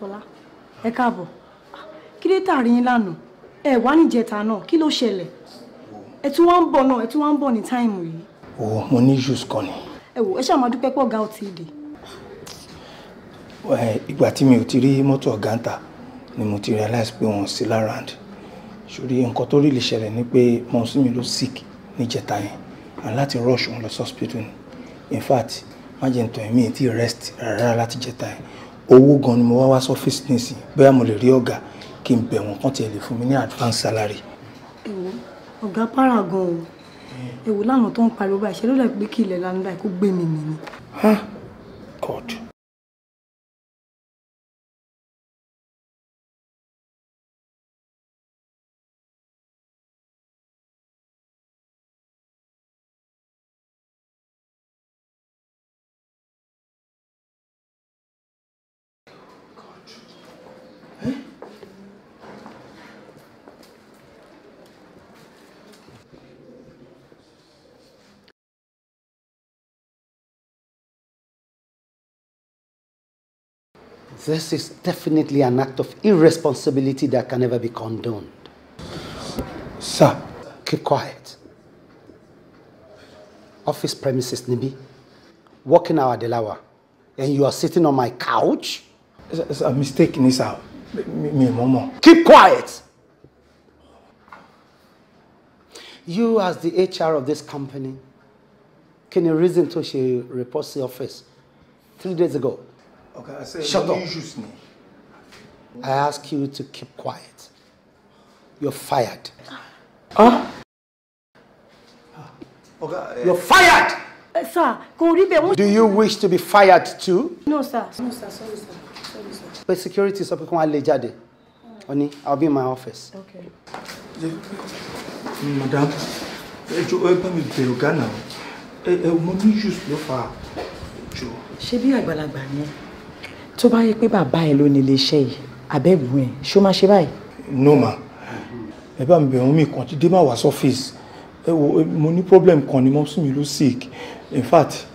Fọlá ẹ káàbọ̀ kí ló tààrí yín lánàá ẹ wá níjẹta náà kí ló ṣẹlẹ̀ ẹ tún wá ń bọ̀ náà ẹ tún wá ń bọ̀ ní táìmù yìí. o mo ní jùs kan ni. ẹ wò ẹ ṣáà máa dúpẹ́ pọ̀ ọ̀gá ò tí ì dé. ìgbà tí mi ò ti rí mọ́tò ọ̀gá ń ta ni mo ti realize pé wọ́n sí lára ṣòrí nǹkan tó rí lè ṣẹlẹ̀ ni pé mọ̀ọ́sí mi ló sick níjẹta yẹn and láti rush wọn lọ sí ni in fact májèntàn mi ti rest rárá láti jẹta yẹn owó gan ni mo wá wá sọ́fíìsì nísìnyí bóyá mo lè rí ọ̀gá kí n bẹ̀ wọ́n tiẹ̀ lè fún mi ní advance salary. ẹ̀wọ̀n ọ̀gá para gan o ẹ̀wọ̀n láwọn tó ń pariwo báyìí ṣe ló lè pé kí ilẹ̀ lánàá kó gbé mi mì ni. God. This is definitely an act of irresponsibility that can never be condoned. Sir, keep quiet. Office premises, Nibi. Working hour, Delawa. And you are sitting on my couch? It's a mistake, Nisa. Me, me, Momo. Keep quiet! You, as the HR of this company, can you reason to she reports the office three days ago? Okay, I said Shut up. Issues me. I ask you to keep quiet. You're fired. Huh? Ah, okay, uh, You're fired! Eh, sir, Do you wish to be fired too? No, sir. No, sir. Sorry, sir. Sorry, sir. But security sọ pé kí wọ́n lè jáde. Honey, I'll be in my office. Okay. Yeah. Mm, madam, you open ẹ bá mi bẹ̀ ọ̀gá náà. Ẹ ẹ mo ní issues ló fà á. Ṣé tó bá yẹ pé bàbá ẹ ló ní iléeṣẹ́ yìí àbẹ́gbọ̀n ẹ̀ ṣó máa ṣe báyìí. no ma ẹ bá mi bẹ̀ wọ́n mi kàn ti dé má wá sọ́fíìsì ẹ wo mo ní problem kan ni mo sún mi ló sick in fact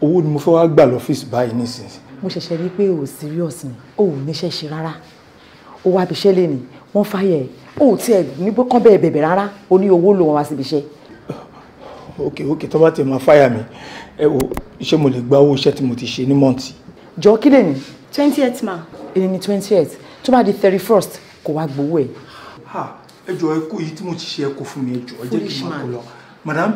owó ni mo fẹ́ wá gbà lọ́fíìsì báyìí nísinsìnyí. mo ṣẹ̀ṣẹ̀ rí i pé o serious ni o ò níṣẹ́ ṣe rárá o wá ibiṣẹ́ lé ni wọ́n fàyẹ̀ o ò tiẹ̀ ní kán bẹ́ẹ̀ bẹ̀bẹ̀ rárá o ní owó ló wọn wá síbi iṣẹ́. ok ok tó bá ti máa fàyà mi ẹ wo ṣé mo lè gba owó iṣẹ́ tí mo ti ṣe ní mọ́ǹtì. jọ kí lè ní twentieth ma. èyí ni twentieth tó bá di thirty first kò wá gbowó ẹ. ẹ jọ ẹ kú yìí tí mo ti ṣe ẹ kó fún mi ẹ jọ ẹ jẹ́ kí n máa kó lọ madam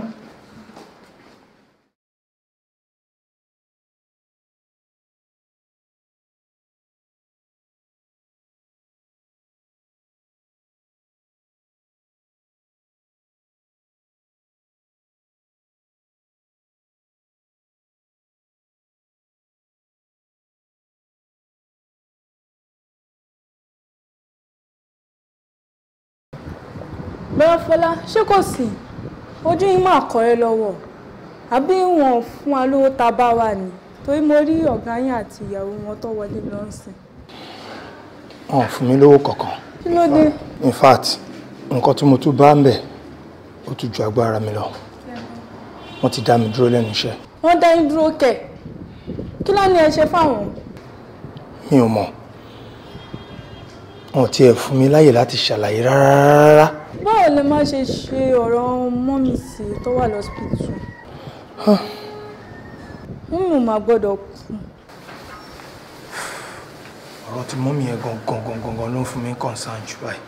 bọ́yá Fọlá ṣé kò sí ojú yín máa kọ́ ẹ lọ́wọ́ àbí wọn fún wa lówó ta bá wà ní torí mo rí ọ̀gá yín àti ìyàwó wọn tó wọlé lọ́sìn. wọn ò fún mi lówó kankan. kí ló dé. in fact nǹkan tí mo tún bá ń bẹ̀ ó tún ju agbára mi lọ wọ́n ti dá mi dúró lẹ́nu iṣẹ́. wọ́n dá yín dúró kẹ̀ kí ló ní ẹ ṣe fáwọn. mi ò mọ̀ wọn ò tiẹ̀ fún mi láyè láti ṣàlàyé rárá báwo lè má ṣe ṣe ọ̀rọ̀ mọ́mì sí tó wà lọ́sípítù mọ́mì ò máa gbọ́dọ̀ kú. ọ̀rọ̀ tí mọ́mì yẹn gangan gangan ló ń fún mi concern jù báyìí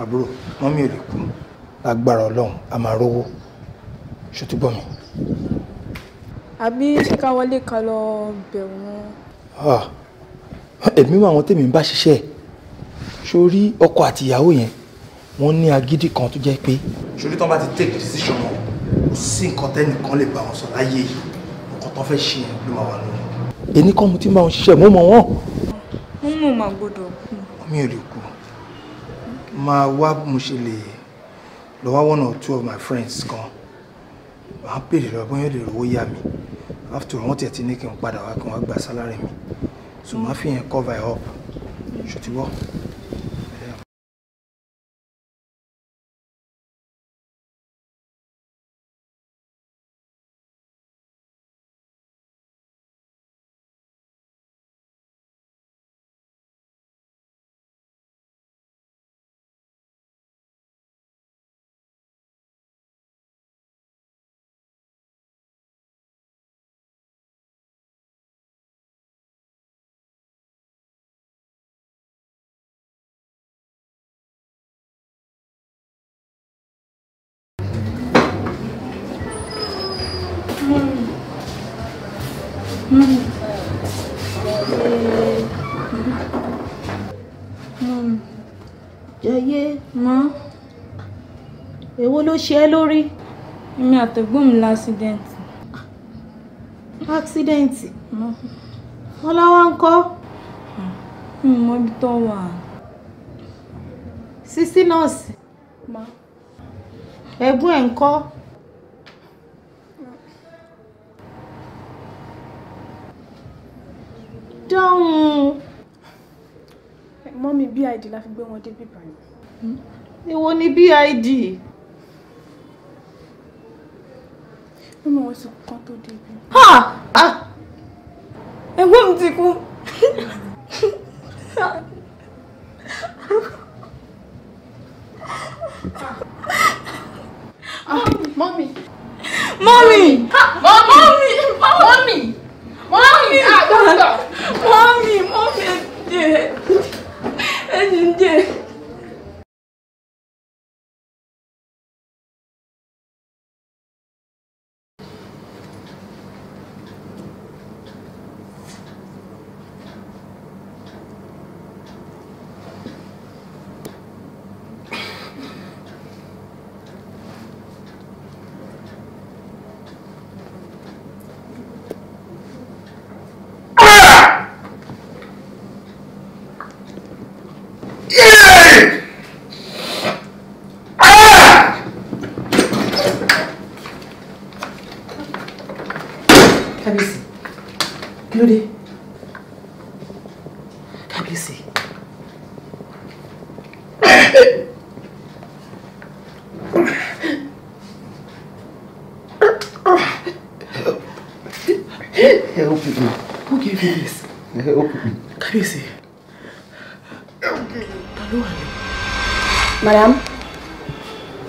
àbúrò mọ́mì ò lè kú lágbára ọlọ́run a máa rówó ṣùtú gbọ́ mi. àbí ṣé ká wọlé ká lọ bẹ̀ wọ́n. èmi wà àwọn tèmi ń bá ṣiṣẹ́ ẹ̀ sórí ọkọ àti ìyàwó yẹn wọ́n ní agídí kan tó jẹ́ pé. sórí tán bá ti take decision wọn kò sí nǹkan tẹ́nìkan lè bá wọn sọ láyé yìí nǹkan tán fẹ́ ṣe ló máa wà lórí. èmi kan mo ti máa ń ṣiṣẹ́ mo mọ̀ wọ́n. mo mọ̀ máa gbọ́dọ̀ kú. mi ò lè kú máa wá mo ṣe lè lọ wá one or two of my friends kan màá béèrè lọ bóyá lè rówó yá mi after all wọ́n tiẹ̀ ti ní kí n padà wá kí n wá gba sálárì mi so màá fi yẹn cover it up ṣùtìwọ́. Mm -hmm. èwo ló ṣe é lórí. èmi àtẹ̀gbọ́n mi lásìdẹ́ǹtì. àksidẹ́ǹtì ọláwá ń kọ́. mi ò mọbi tó wà. sisi nọ́ọ̀sì. ẹ̀gbọ́n ẹ̀ ń kọ́. dáhùn. mọ́mí bid la fi gbé wọn dé bíbá yìí. èwo ni bid. Mọ́mí wọn ti kú kán tó débi. Ah! Ẹ̀gbọ́n mi ti kú. Mọ́mí. Mọ́mí. Mọ́mí. Mọ́mí. Mọ́mí. Mọ́mí. Ah, Mọ́mí. Mọ́mí. Mọ́mí.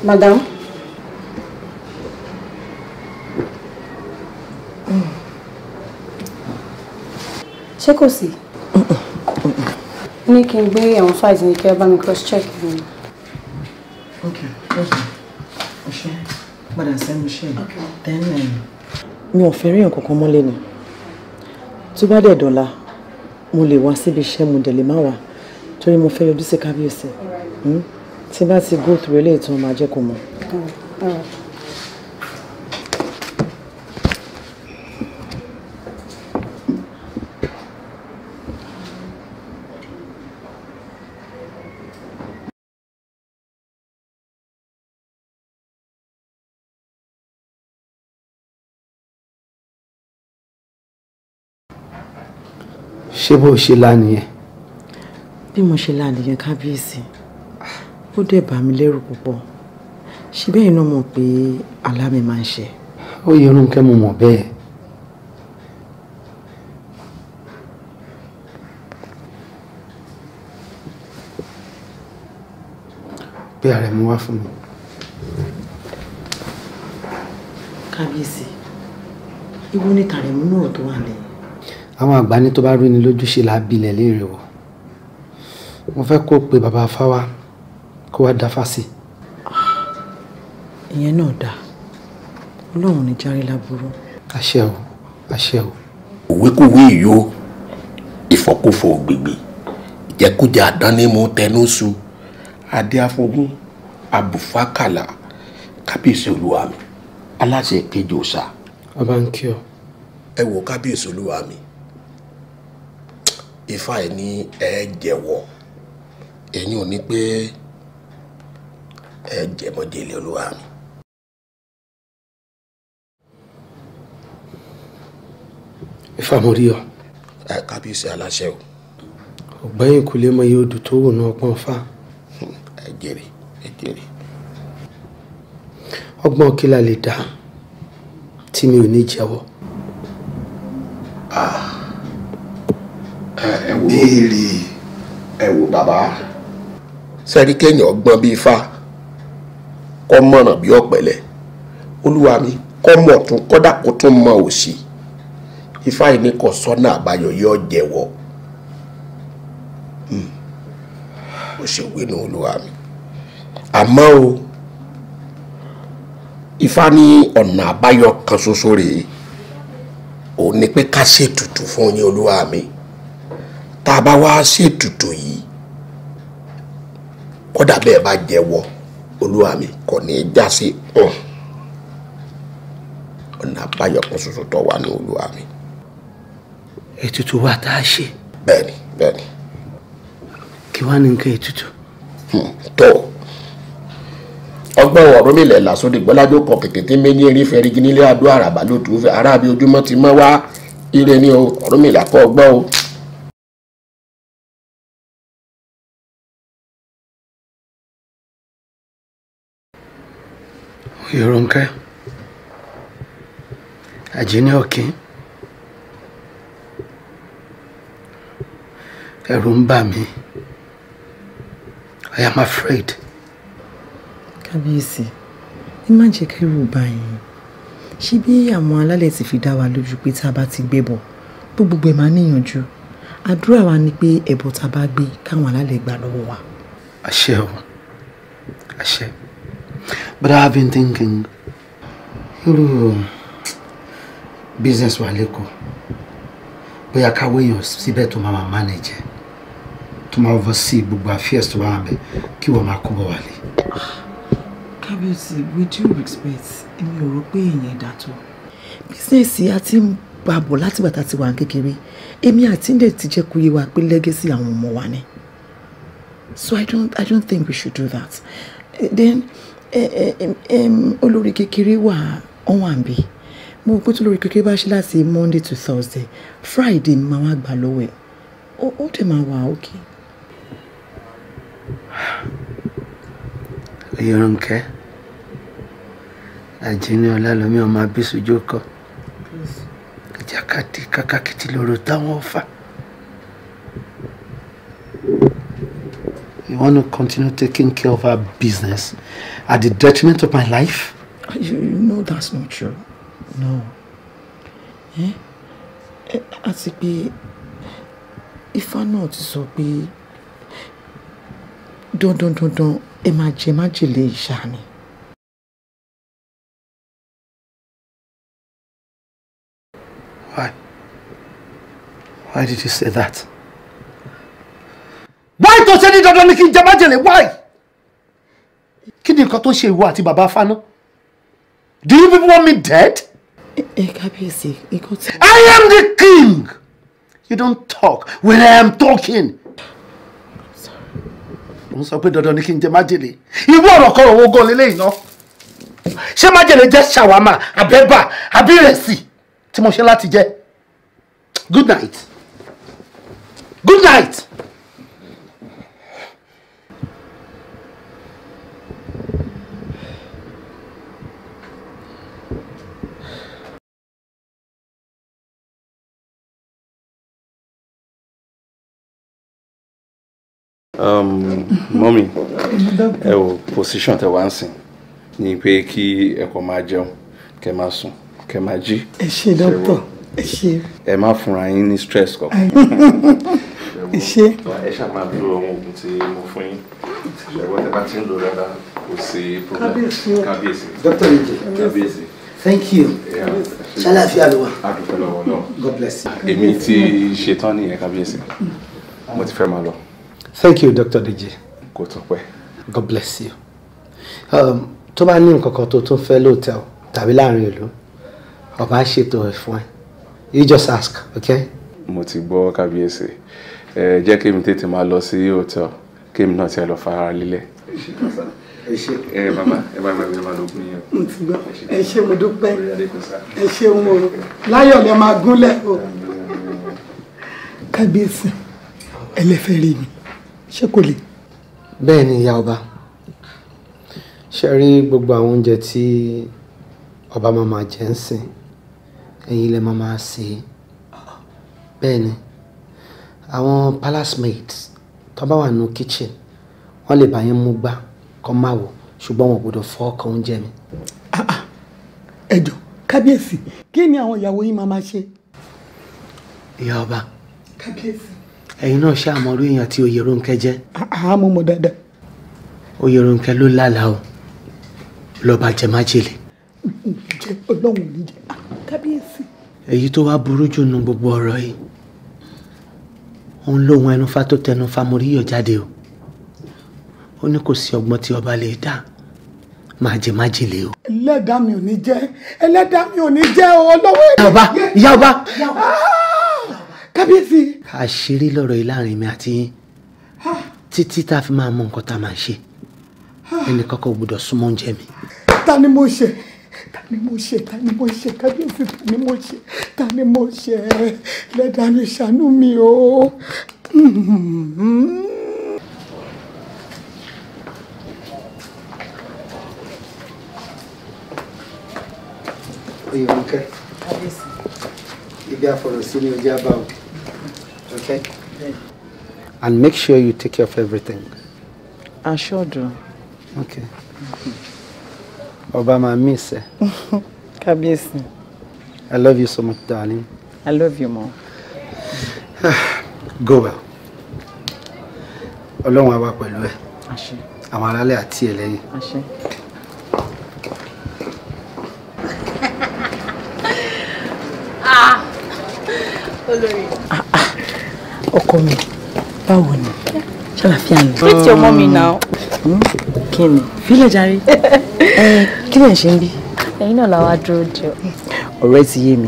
Madame, Ṣé kò sí? Ní kí n gbé àwọn files ní kí ẹ mi cross check mi. Okay, okay. Ọṣẹ, padà sẹ́nu iṣẹ́ yìí. Tẹ́lẹ̀ ẹ̀. Mi ò fẹ́ rí nǹkan kan mọ́lẹ̀ ni. Tó bá dẹ̀ dọ̀la, mo lè wá síbi iṣẹ́ mo dẹ̀ lè má wá torí mo fẹ́ yọjú sí kábíyèsí. All right. Mm? tí bá ti go through eléyìí tí wọ́n máa jẹ́ kó mọ̀. ṣé bó ṣe lá nìyẹn. bí mo ṣe lá nìyẹn kábíyèsí ó dẹ̀ bà mí lẹ́rù púpọ̀ ṣé bẹ́ẹ̀ náà mọ̀ pé àlá mi máa ń ṣe. ó yẹ Rónkẹ́ mo mọ̀ bẹ́ẹ̀. pé ààrẹ mú wá fún mi. kábíyèsí ìwọ ni tàrẹ̀mú náà tó wà lẹ́yìn. àwọn àgbà tó bá rí ni lójúṣe làá bilẹ̀ léèrè o mo fẹ́ kó pe bàbá fáwa kó wá dáfá sí. ìyẹn náà dáa ọlọ́run ní járe láburú. àṣẹ o àṣẹ o. òwékòwé ìyó ìfọkúfọ gbègbè ìjẹkújẹ àdánímú tẹnúṣu adé afọgún abùfákàlà kábíyèsí olúwa mi aláṣẹ kejì òòṣà. ọba ń kí ọ. ẹ wo kábíyèsí olúwa mi ifá ẹ ní ẹ jẹ́wọ́ ẹ̀yin ò ní pé. Pe ẹ jẹmọjẹlẹ olúwa mi. ifá mo rí ọ. ẹ kábíyèsí aláṣẹ o. ọ̀gbẹ́yìn kò lè mọ iye odò tó wò ní ọgbọ́n fá. ẹ jèrè ẹ jèrè. ọgbọ́n kí la lè dá tí mi ò ní jẹ́wọ́. Ah. ẹ wò ẹ wò bàbá. sẹ́rí kéèyàn ọgbọ́n bíi ifá kọ́ mọ̀ràn bí ọ̀pẹ̀lẹ̀ olúwa mi kọ́ mọ̀ tún kọ́dà kó tún mọ òsì ifá yìí ní kò sọ́nà àbáyọ yóò jẹ́wọ́ hmm. ó ṣe wínú olúwa mi àmọ́ o ifá ní ọ̀nà àbáyọ kan ṣoṣo rèé òun ni pé ká ṣètùtù fún yín olúwa mi tá a bá wá ṣètùtù yìí kódà bẹ́ẹ̀ bá jẹ́wọ́ olúwa mi kò ní í já sí hàn oh. ọ̀nà àbáyọ kan ṣoṣo tó wà ní olúwa mi. ètùtù wa tá a ṣe. bẹ́ẹ̀ni bẹ́ẹ̀ni. kí wàá ní nǹkan ètùtù. Hmm, tó ọgbọ́n ọ̀rọ̀ mi lẹ̀ lásòdì gbọ́lájú kan kèké tí méjì erin fẹ́rigi nílé adó àràbà lótú arábí ojúmọ́ ti mọ́ wá ire ni o ọ̀rọ̀ mi làkọ́ ọgbọ́n o. Ìrọ̀nkẹ́ Àjíní Ọ̀kín ẹ̀rù ń bà mí I am afraid. Kábíyèsí ẹ má jẹ́ kẹ́rù bà yín ṣé bí àwọn alálẹ̀ ti fi dá wa lójú pé tá a bá ti gbé bọ̀ bó gbogbo ẹ̀ máa níyànjú àdúrà wa ni pé ẹbọ tá a bá gbé káwọn alálẹ̀ gbà lọ́wọ́ wa. àṣẹ o àṣẹ. But I've been thinking. Irú business wa lẹ́kọ̀ọ́. Bóyá ká wéyàn síbẹ̀ tó máa manage ẹ̀. Tó máa oversee gbogbo affairs tó bá wà bẹ̀ kí wọ́n máa kó bọ̀ wálé. Kábíyèsí, with due respect, èmi ò rò pé èèyàn ẹ̀dá tó. Bísíǹsì àti bàbọ̀ látìgbà tá a ti wà kékeré, èmi àti Ndé ti jẹ́ kó wa pé lẹ́gẹ́sì àwọn ọmọ wa ni. So I don't, I don't think we should do that. Then, olórí kékeré wà ọ̀hún àbí mo rò pé tó lórí kékeré bá ṣe láti monday to thursday friday ni màá wá gbà lọ́wọ́ ẹ̀ ó dẹ̀ máa wà ókè. Yorùnkẹ́ àjíní ọlálọ́mí ọmọ abísójú kọ ìjàkadì kàkàkìtì lòrò táwọn fà. You want to continue taking care of our business at the detriment of my life? You know that's not true. No. Eh? Àti pé Ifá náà ti sọ pé dandan don't. ẹ eh, máa jẹ májèlé ìṣá ni. Why? Why did you say that? why tó ṣe ní dandan ni kí n jẹ májèlé why kí ni nǹkan tó ṣe ìwọ àti bàbá fáná do you people want me dead. ẹ kábíyèsí nǹkan tí. I am the king you don't talk when I am talking. mo ń sọ pé dandan ni kí n jẹ májèlé irú ọ̀rọ̀ kan òwò gan lélẹ́yìn náà ṣé májèlé jẹ́ ṣàwámà àbẹ́bà àbírẹ̀sì tí mo ṣe láti jẹ good night good night. Um, mọ́mí ẹ wò position tẹ wá ń sìn ni pé kí ẹ kọ́ máa jẹun kẹ máa sùn kẹ máa jí. ẹ ṣe dókítà ẹ ṣe. ẹ má fúnra yín ní stress kankan. ẹ ṣe. ẹ ṣáà máa dúró ohun oògùn tí mo fún yín ṣùgbọ́n tẹ bá ti ń lo rárá kò sí problem. kábíyèsí kábíyèsí. dókítà nìjẹ kábíyèsí. thank you. ṣàlàáfíà ló wà. a dúpẹ́ lọ́wọ́ náà. god bless you. èmi ti ṣetán nìyẹn kábíyèsí mo ti fẹ́ máa lọ thank you Dr. Deji. kò tún pẹ́. God bless you. Um, tó bá ní nǹkan kan tó tún fẹ́ hotel. tàbí láàrin ìlú ọba á ṣètò ẹ̀ fún ẹ you just ask okay. mo ti gbọ́ kábíyèsí ẹ jẹ́ kí mi tètè ma, lọ sí òótọ́ kí mi náà ti lọ fara lílẹ̀. ẹ ṣe ẹ bàbá ẹ bá gbàgbé ma, lóògùn ma, mo ti gbọ́ ẹ ṣe mo dúpẹ́ ẹ ṣe mo láyọ̀ lẹ ma, gúnlẹ̀ o kábíyèsí ẹlẹ́fẹ̀ẹ́ rí mi ṣé kò le. bẹ́ẹ̀ ni ìyá ọba ṣe rí gbogbo àwọn oúnjẹ tí ọba máa máa jẹ ń sìn ẹ̀yin lè máa máa sè é bẹ́ẹ̀ ni àwọn palace mates, tó bá wà nínú kitchen wọ́n lè bá yín mú gbá kọ́ máa wò ṣùgbọ́n wọn gbọ́dọ̀ fọ́ ọkàn oúnjẹ mi. Ah, ah. ẹ jọ̀ọ́ kábíyèsí kí ni àwọn ìyàwó yín máa máa ṣe. ìyá ọba. kábíyèsí ẹ̀yin náà ṣáà mọ irú èèyàn tí Oyèrónkẹ́ jẹ́. àá mo mọ dáadáa. Oyèrónkẹ́ ló lálàá o lọ́ba jẹ májèlé. jẹ ọlọ́run ní jẹ kábíyèsí. èyí tó wá burú jù nu gbogbo ọ̀rọ̀ yìí òun lóhun ẹnufa tó tẹnufa mo ríyọ̀ jáde o ó ní kò sí ọgbọ́n tí ọba lè dá máa jẹ májèlé o. ẹlẹ́dàá mi ò ní jẹ́ ẹlẹ́dàá mi ò ní jẹ́ ọlọ́wọ́ ẹ̀dá. ìyá ọba kábíyèsí. àṣírí lọ̀rọ̀ yìí láàrin mi àti yín títí tá a fi máa mọ nǹkan tá a máa ṣe ẹnì kankan ò súnmọ́ oúnjẹ mi. ta ni mo ṣe ta ni mo ṣe ta ni mo ṣe kábíyèsí ta ni mo ṣe ta ni mo ṣe lẹ́dàá mi mi o. Oyinke. Kábíyèsí. Ibi àfọ̀rọ̀sí ni ojú àbáwò. Okay? Yeah. And make sure you take care of everything. I sure do. Okay. Obama, miss. Kabiyesi. I love you so much, darling. I love you more. Go well. Ọlọ́run á wà pẹ̀lú ẹ. Àṣẹ. Àwọn aráalé àti ẹlẹ́yìn. Àṣẹ. mi báwo ni ṣàlàfíà ni. treat your mommy now. kí ni fílẹ̀ jàre kí lè ṣe ń bí. ẹ̀yin náà làwa dúró de o. ọ̀rẹ́ ti yé mi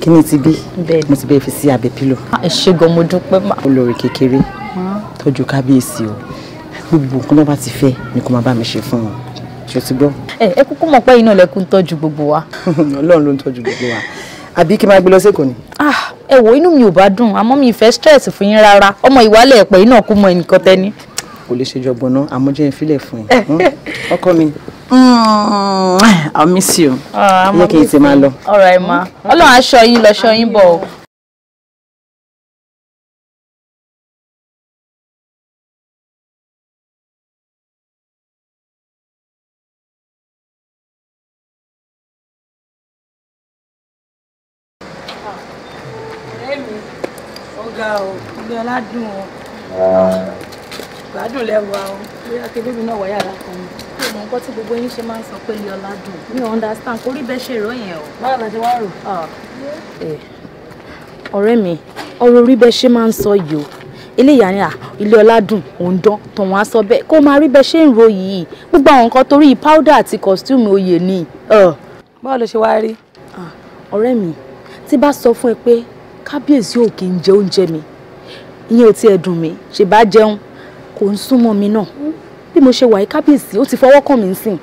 kí ni ti bí mo ti bẹ́ẹ̀ fi sí abẹ́ pílò. Ah, ẹ ṣe gan ma. dúpẹ́ mà. olórí kékeré hmm? tọ́jú kábíyèsí o gbogbo nǹkan tó bá ti fẹ́ ni kò máa bá mi ṣe fún wọn ṣe ti gbọ́. ẹ kúkú mọ̀ pé iná lẹ́kùn tọ́jú gbogbo wa. ọlọ́run ló ń tọ́jú gbogbo wa àbí kí n máa gbé lọ sẹ́kọ̀ọ́ ni. Ah, ẹ wo inú mi ò bá dùn àmọ́ mi ìfẹ́ stress fún yín rárá ọmọ ìwálẹ̀ ẹ̀pẹ́ iná kú mọ ẹnìkan tẹ́ni. kò lè ṣèjọ gbọ̀nà àmọ́ jẹ́ ìfilẹ̀ fún ẹ hmm? ọkọ mi. Hmm, I miss you. ẹ ah, kì í ti máa lọ. ọ̀rọ̀ ẹ̀ ma ọlọ́run aṣọ yín lọ́ṣọ yín bọ̀ ṣe máa ń sọ pé liola dùn mi ò understand kò rí bẹ́ẹ̀ ṣe rò yẹn o. báwo la ṣe wá rò. Ah. Eh. ọ̀rẹ́ mi ọ̀rọ̀ orí bẹ́ẹ̀ ṣe máa ń sọ yìí o eléyà ni ilé ọládùn òǹdán tọ̀hún á sọ bẹ́ẹ̀ kó máa rí bẹ́ẹ̀ ṣe ń ro yìí gbogbo àwọn nǹkan torí powder àti costume oyè ni. Eh. báwo ló ṣe wá rí. Ah, ọ̀rẹ́ mi tí bá sọ fún ẹ pé kábíyèsí ò kì í jẹ oúnjẹ mi ìyẹn ò tiẹ̀ dùn mí ṣèbá jẹun kò ń súnmọ́ mi náà bí mo ṣe wà yìí kábíyèsí ó ti fọwọ́ kàn mí sìn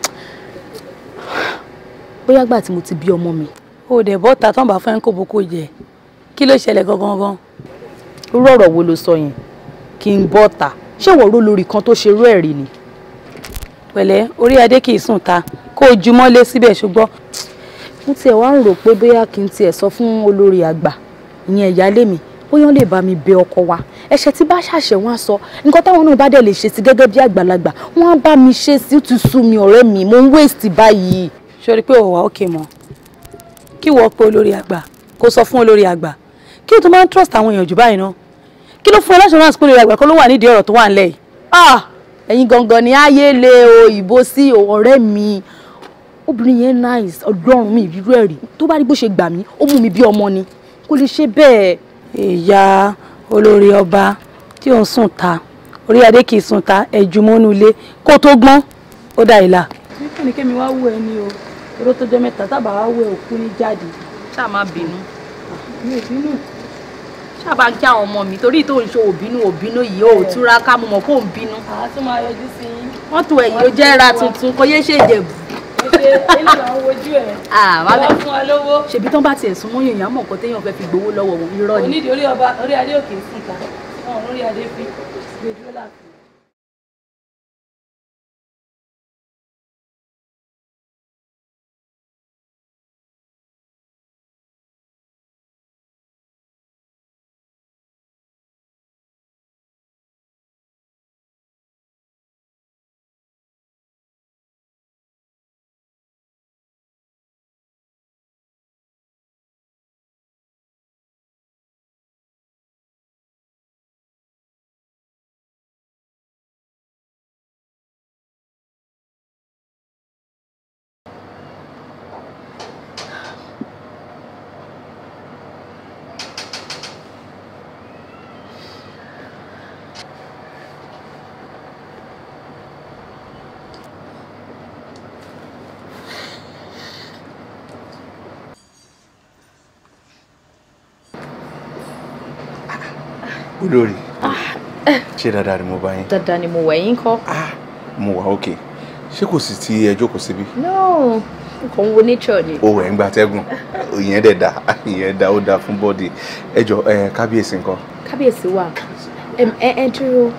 bóyá gbà tí mo ti bí ọmọ mi. o dẹ̀ bọ́ta tán bá fẹ́ ń kó boko jẹ kí ló ṣẹlẹ̀ gangan gan. irú ọ̀rọ̀ wo ló sọ yẹn kí n bọ́ta ṣé wọ́n ró lórí kan tó ṣe rú ẹ̀rí ni. pẹ̀lẹ́ orí adé kì í sùn ta kó o jumọ́ lé síbẹ̀ ṣùgbọ́n mo tiẹ̀ wá ń rò pé bóyá kí n tiẹ̀ sọ fún olórí àgbà ìyẹn ìyáálé mi bóyá lè bá mi bẹ ọkọ wa ẹ̀ṣẹ̀ tí bá ṣàṣẹ wọn á sọ nǹkan táwọn náà bá dẹ̀ lè ṣe sí gẹ́gẹ́ bí àgbàlagbà wọn á bá mi ṣe sí ti sú mi ọ̀rẹ́ mi mo ń wéèsì báyìí sori pé wa òkè mo. Ki wọ́n pe olórí àgbà kó sọ fún olórí àgbà kí o tó máa trust àwọn èèyàn jù báyìí náà kí ló fún ẹ láṣọwọ́n àsìkò olórí àgbà kó ló wà nídìí ọ̀rọ̀ tó wà ah ẹ̀yin gangan ni aye le o ìbò sí ọ̀rẹ́ mi obìnrin yẹn nice ọlọ́run mi ìrírú ẹ̀rí tó bá rí bó ṣe gbà mí ó mú mi bí ọmọ ni kò lè ṣe bẹ́ẹ̀. ìyá olórí ọba tí ò ń sùn ta orí adé kì í ta ẹ̀jú mọ́nú ilé kó tó gbọ́n ó ni kẹ́mi wá wú ẹni o eré tó jẹ́ mẹ́ta tábà wá wẹ òkú ní jáde. ṣáà má bínú. Ah, mi ò bínú. ṣáà bá ń kí àwọn ọmọ mi torí tó ń ṣe òbínú òbínú yìí ó túra ká mo mọ̀ kó ń bínú. àá tún máa yọjú sí i. mọ́tò ẹ̀ yóò jẹ́ ra tuntun kó yé ṣèjẹ̀bù ṣebí tán bá tiẹ̀ sún mọ́ èèyàn mọ̀ nǹkan téèyàn fẹ́ fi gbowó lọ́wọ́ wọn irọ́ ni. onídìí orí ọba orí adé òkè sí ìta olórí ah. ṣé dáadáa ni mo bá yín. dáadáa ni mo wẹ̀ yín kọ́. Ah, mo wà ókè ṣé kò sì ti ẹjọ́ kò síbí. no nǹkan wo nature ni. o ẹ̀ ń gba atẹ́gùn ìyẹn dẹ̀ da ìyẹn da ó da fún bọ́ọ̀dì ẹjọ kábíyèsí nǹkan. kábíyèsí wà ẹ ẹ dúró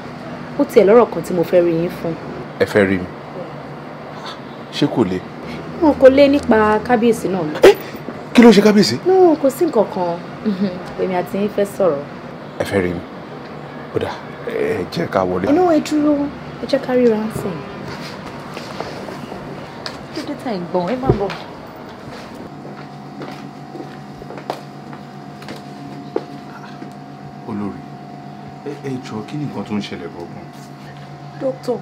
ó tiẹ̀ lọ́rọ̀ kan tí mo fẹ́ rí yín fún. ẹ fẹ́ rí mi ṣé kò le. wọn kò lé nípa kábíyèsí náà mọ́. Eh, kí ló ṣe kábíyèsí. no kò sí nǹkan kan mhm, èmi àti yín fẹ́ sọ̀rọ̀. ẹ fẹ́ rí mi ó dà ẹ jẹ́ ká wọlé. inú ẹ dúró ẹ jẹ́ ká ríra ń sìn. dídí tá ìgbọ̀n ẹ máa bọ̀. olórí ẹ jọ kí ni nǹkan tó ń ṣẹlẹ̀ gbọ̀ngàn. dókítà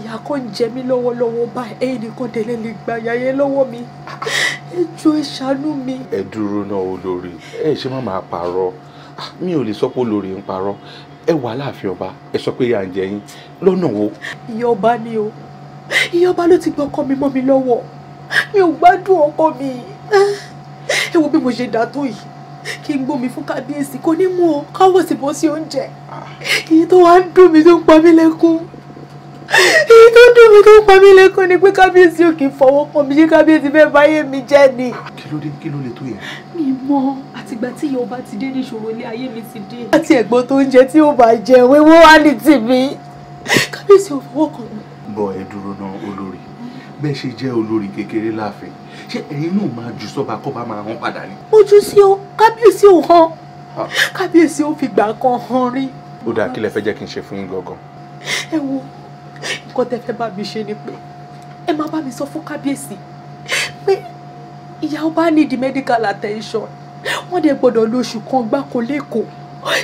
ìyà kò ń jẹ mí lọ́wọ́lọ́wọ́ báyìí ẹ̀yin nìkan délé lè gba ìyà yẹn lọ́wọ́ mi ẹ jọ ẹ ṣàánú mi. ẹ dúró náà olórí ẹ ṣe má máa pààrọ̀ mi ò lè sọ pé olórí ń parọ́ ẹ wà láàfin ọba ẹ sọ pé à ń jẹ yín lọ́nà wo. ìyá ọba ni o ìyá ọba ló ti gbọ́ ọkọ mi mọ́ mi lọ́wọ́ mi ò gbádùn ọkọ mi ẹ wo bí mo ṣe dà tó yìí kí n gbómi fún kábíyèsí kò ní mú o káwọ́ sì bọ́ sí oúnjẹ èyí tó wá ń dùn mí tó ń pa mí lẹ́kún èyí tó ń dùn mí tó ń pa mí lẹ́kún ni pé kábíyèsí ò kì í fọwọ́ kàn mí ṣé kábíyèsí fẹ́ báyé mi jẹ́ ni kí ló dé kí ló lè tó yẹn. mi mọ àtìgbà tí ìyá ọba ti dé ní ìṣòro ilé ayé mi ti dé. àti ẹ̀gbọ́n tó ń jẹ tí ó bá jẹ wíwó wá ní tìmí kábíyèsí ò fọwọ́ kàn mí. bọ ẹ dúró náà olórí bẹ́ẹ̀ ṣe jẹ́ olórí kékeré láàfin ṣé ẹ̀yin náà máa jù sọ́ba kọ́ba máa hàn padà ni. ojú sí o kábíyèsí ò hàn kábíyèsí ò fìgbà kan hàn rí. ó dáa kí lẹ fẹ́ jẹ́ kí n ṣe fún yín gangan. wo nǹkan tẹ fẹ́ bá mi ṣe ni pé ẹ máa bá mi sọ fún kábíyèsí pé ìyá ọba need medical attention wọ́n dẹ̀ gbọ́dọ̀ lo oṣù kan gbáko lẹ́kọ̀ọ́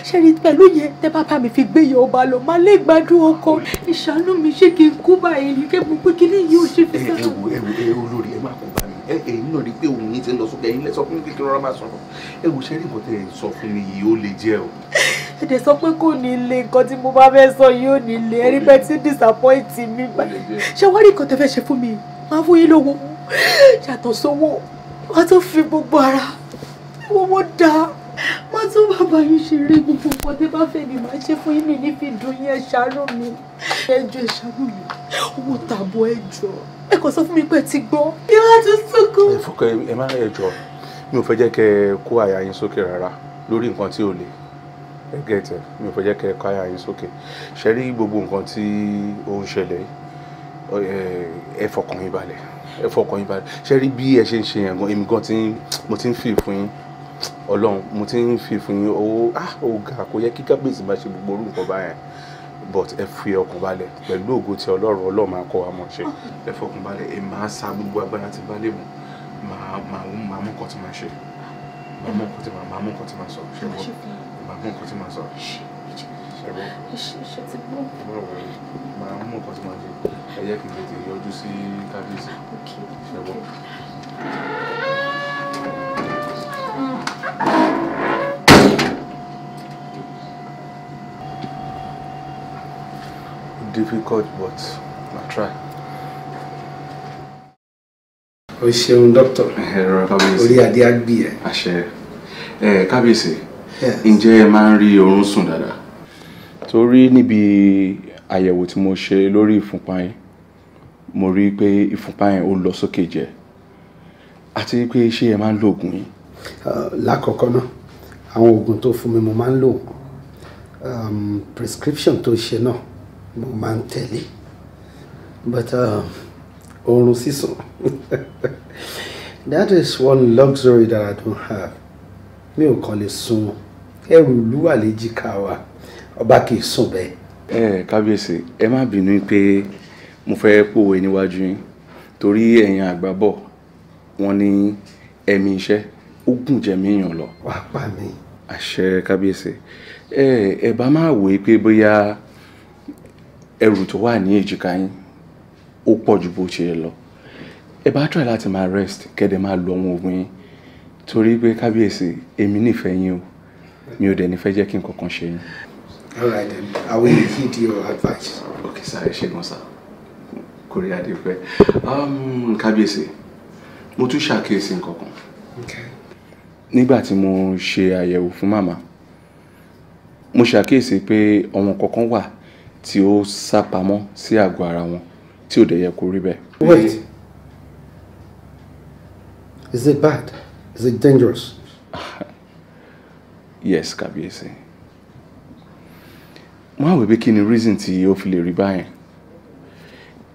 ṣẹ́ni pẹ̀lú yẹn tẹ́ bá bá mi fi gbé ìyá ọba lọ máa lè gbádùn ọkọ ìṣàánú mi ṣé kí n kú báyìí ní kébù pé kí ni yìí ò ṣe fi sẹ́nu. ẹ wo ẹ wo olórí ẹ má kó bá mi ẹ ẹ̀yin náà rí i pé òun yìí ti ń lọ sókè ẹ̀yin lẹsọ fún mi kékeré ọ̀rọ̀ máa sọ̀rọ̀ ẹ wo ṣẹ́ni nǹkan tẹ́ ẹ sọ fún mi yìí ó lè jẹ́ o. ẹ dẹ̀ sọ pé kò ní le nǹkan tí mo bá fẹ́ sọ yìí ò ní le ẹni bẹ́ẹ̀ ti disappoint mi ṣé wọ́n rí nǹkan má tó fi gbogbo ara owó dá má tó bàbá yín ṣeré gbogbo nǹkan tí bá fẹ́ ni màá ṣe fún yín mi ní fi dùn yín ẹ ṣàánú mi ẹ jọ̀ọ́ ẹ ṣàánú mi owó tààbọ̀ ẹ jọ̀ọ́ ẹ kò sọ fún mi pé ti gbọ́ bí wọ́n ti sunkún. ẹ fọkàn ẹ má ẹ jọ̀ọ́ mi ò fẹ́ jẹ́ kẹ́ ẹ kó àyà yín sókè rárá lórí nǹkan tí ò lè ẹ gẹ̀tẹ̀ mi ò fẹ́ jẹ́ kẹ́ kó àyà yín sókè ṣe gbogbo nǹkan tí ó ń ṣẹlẹ̀ ẹ fọkàn yín balẹ̀ ẹ fọkàn yín balẹ̀ ṣe rí bí ẹ ṣe ń ṣe yẹn gan èmi gan tí mo ti ń fi fún yín ọlọ́run mo ti ń fi fún yín owó ah ga kò yẹ kí kábíyèsí máa ṣe gbogbo orú nǹkan báyẹn but ẹ fi ọkàn balẹ̀ pẹ̀lú ògo ti ọlọ́run ọlọ́run máa kọ́ wa mọ̀ ṣe ẹ fọkàn balẹ̀ ẹ máa sa gbogbo agbára tí bá lè mú máa mú nǹkan tí máa ṣe máa mú nǹkan tí máa sọ ṣe wọ́n máa mú nǹkan tí máa sọ ṣe ti gbọ́. màá mú nǹkan tí màá ṣe ẹ jẹ́ kí n tètè yọjú sí kábíyèsí ṣe gbọ́. difficult but I try. o ṣeun doctor eh, eh, orí adé á gbì ẹ. àṣẹ eh, kábíyèsí ǹjẹ́ ẹ máa ń rí oorun sùn dáadáa torí níbi àyẹ̀wò tí mo ṣe lórí ìfúnpá yín mo rí i pé ìfúnpá yẹn ó lọ sókè jẹ àti pé ṣé ẹ máa ń lo oògùn yìí. lákọ̀ọ́kọ́ náà àwọn oògùn tó fún mi mo máa ń lò um, prescription tó ṣe náà mo máa ń tẹ̀lé but uh, oorun sísùn that is one luxury that I don't have mi ò kàn lè sun ẹrù ìlú àlejò ká wa ọba kì í sùn bẹ́ẹ̀. ẹ kábíyèsí ẹ má bínú pé mo fẹ́ pòwe níwájú yín torí ẹ̀yin àgbà bọ̀ wọ́n ní ẹ̀mí iṣẹ́ ó gùn jẹ̀mí èèyàn lọ. wàá pa mí. àṣẹ kábíyèsí ẹ ẹ bá má wò ó pé bóyá ẹrù tó wà ní èjìká yín ó pọ̀ ju bó ṣe lọ ẹ bá try láti máa rest kẹ́dẹ̀ máa lo àwọn oògùn yín torí pé kábíyèsí èmi nífẹ̀ẹ́ yín o mi ò dẹ̀ nífẹ̀ẹ́ jẹ́ kí n kankan ṣe yín all right then i will heed your advice. Okay, sir. ṣẹ́gun sá kò rí adé pẹ́ um, kábíyèsí mo tún ṣàkíyèsí nǹkan kan. nígbà tí mo ṣe àyẹ̀wò fún màmá mo ṣàkíyèsí pé ọ̀wọ́n kankan wà tí ó sá pamọ́ sí ara wọn tí ò dẹ̀ yẹ kó rí bẹ́ẹ̀. wait is it bad is it dangerous. yes kábíyèsí mo á wò pé kí ni reason tí ó fi lè rí báyẹn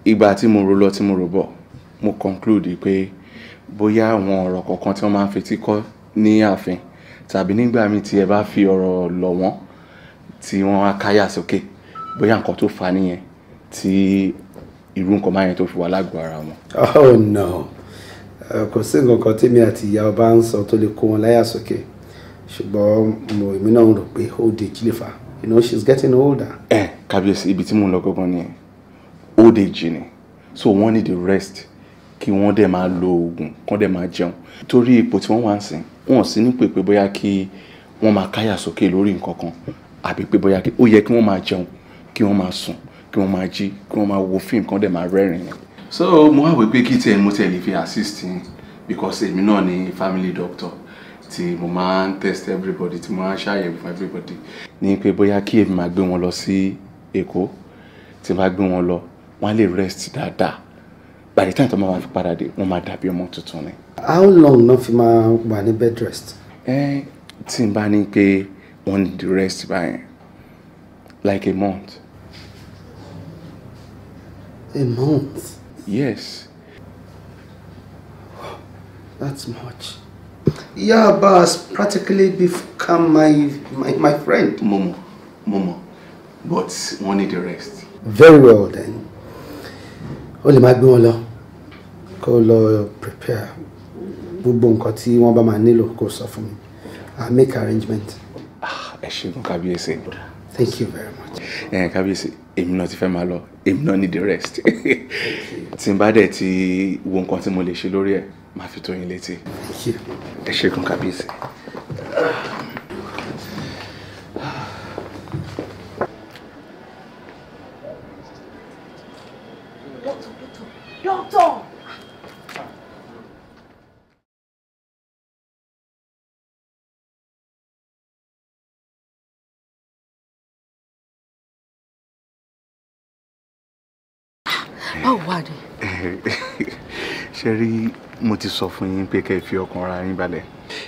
ìgbà tí mo rò lọ tí mo rò bọ̀ mo conclude pé bóyá àwọn ọ̀rọ̀ kọ̀ọ̀kan tí wọ́n máa ń fetí kọ́ ní ààfin tàbí nígbà míì tí ẹ bá fi ọ̀rọ̀ lọ̀ wọ́n tí wọ́n á káyà sókè bóyá nǹkan tó fà nìyẹn tí irú nǹkan máa yẹn tó fi wà lágbo ara wọn. oh no eh, kò sí nǹkan kan tèmi àti ìyá ọba ń sọ tó lè kó wọn láyà sókè ṣùgbọ́n mo èmi náà rò pé ó dèjì lè fà á you know she's getting older. Eh, kábíyèsí ibi tí mò ń lọ gangan old age ni so wọ́n need the rest Ki wọ́n dẹ̀ máa lo oògùn kán dẹ̀ máa jẹun torí ipò tí wọ́n wá ń sìn wọ́n sì ní pèpè bóyá kí wọ́n máa káyà sókè lórí nǹkan kan àbí pé bóyá ó yẹ ki wọ́n ma jẹun kí wọ́n máa sùn kí wọ́n máa jí kí wọ́n máa wo fíìmù kán dẹ̀ máa rẹ́rìn so mo wá wí pé kí tiẹ̀ mo tiẹ̀ lè fi assist because èmi náà ni family doctor tí mo máa ń test everybody tí mo máa ń ṣàyẹ̀wò fún everybody ní pé bóyá kí èmi máa gbé wọn lọ sí Èkó tí bá gbé wọn lọ wọn á lè rest dáadáa by the time máa fi padà dé wọn máa dàbí ọmọ tuntun ni. how long náà fi máa wà ní bed rest. ẹ tí n bá ní pé wọn ní the rest báyẹn like a month. a month. yes. That's much. Yaba has practically become my, my, my friend. Momo, Momo, but wọ́n need a rest. Very well then. Only my máa call her, prepare gbogbo nǹkan tí wọ́n bá máa nílò kó I'll make arrangement. Ah, ṣeun kábíyèsí. Thank you very much. Eh, kábíyèsí, èmi náà ti fẹ́ máa lọ, èmi náà need a rest. Tí n bá dẹ̀ ti wo nǹkan tí mo máa fi tó yín létí. ẹ ṣègùn kábíyèsí. báwo wà ní ṣe rí mo ti sọ fún yín pé kẹ́ ẹ fi ọkàn ara yín balẹ̀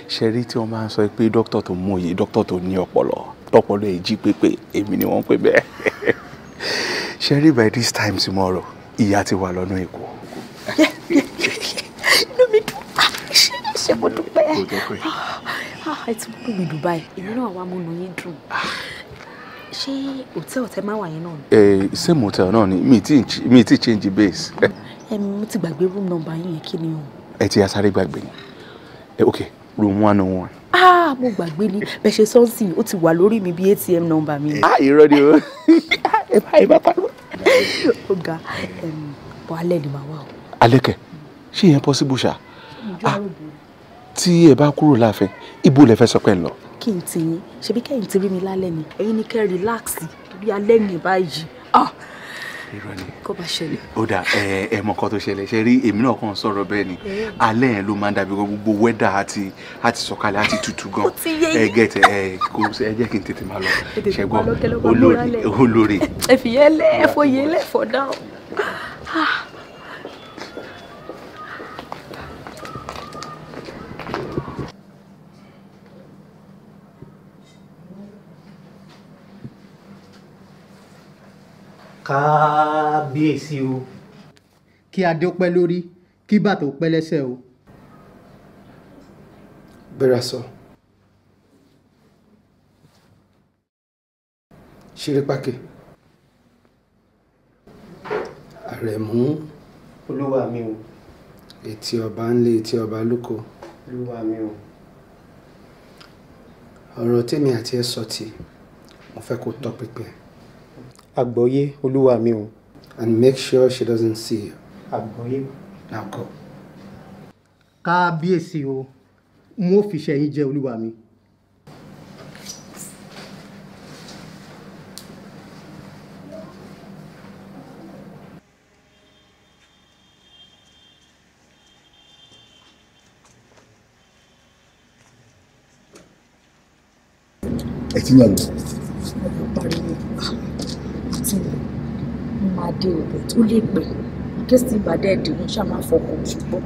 ṣe rí tí wọ́n máa ń sọ pé dókítà tó mòye dókítà tó ní ọpọlọ tọpọlọ ẹ̀ jí pépé èmi ni wọ́n pè bẹ́ẹ̀ ṣe by this time tomorrow ìyá ti wà lọ́nà èkó. inú mi dùn bá ah, ṣe é ṣe mo dúpẹ́ ah, ẹ ti mú mi Dubai èmi náà wà múnú yín dùn ṣé hòtẹ́ẹ̀lì tẹ máa wà yẹn náà ni. Eh, same hotel náà ni mi ti change base. Ah mo ti gbàgbé room number yín yẹn kí ni o. ẹ ti asáré gbàgbé ni ok room one oh one. ah mo gbàgbé ni bẹ́ẹ̀ ṣe sọ́ọ̀sì ó ti wà lórí mi bí atm number mi. ah irọ́ ni o ẹ bá ẹ bá parọ́. ọ̀gá bọ́ alẹ́ ni màá wà o. alẹ́ kẹ̀ ṣé yẹn possible ṣá ah, tí ẹ bá kúrò láàfin ibo lẹ fẹ́ sọ pé ń lọ. kí n ti yín ṣebí kẹ́yìn ti rí mi lálẹ́ ni ẹ̀yin ni kẹ́ relax bí alẹ́ ni báyìí. Ah, irọ́ ni kó bá ṣẹlẹ̀. ó dà ẹ ẹ mọ nǹkan tó ṣẹlẹ̀ ṣe rí èmi náà kàn sọ̀rọ̀ bẹ́ẹ̀ ni alẹ́ yẹn ló máa ń dàbí gbogbo wẹ́dà àti àti sọ̀kalẹ̀ àti tútù gan ẹ gẹ̀tẹ̀ ẹ kò ẹ jẹ́ kí n tètè máa lọ ṣẹ́gbọ́n olórí olórí. ẹ fìyẹ́lẹ́ ẹ fòyẹ́lẹ́ fọ̀dá. kábíyèsí o. kí adé ó pẹ́ lórí kí bàtà ó pẹ́ lẹ́sẹ̀ o. bẹ́rẹ̀ sọ. ṣerépákè àrẹ̀mú. olúwa mi o. etí ọba ń lé etí ọba lóko. olúwa mi o. ọ̀rọ̀ tèmi àti ẹ sọ tí mo fẹ́ kó tọpinpin àgbọ́yé olúwa mi o. and make sure she doesn't see you. àgbọ́yé. now go. kábíyèsí o mo fi ṣe yín jẹ olúwa mi. ẹ ti yàn mí. máa dé òbò tó lè pè kéésì ìgbà dẹ́ ẹ̀dínwó ṣáà máa fọkọ̀ ṣùgbọ́n.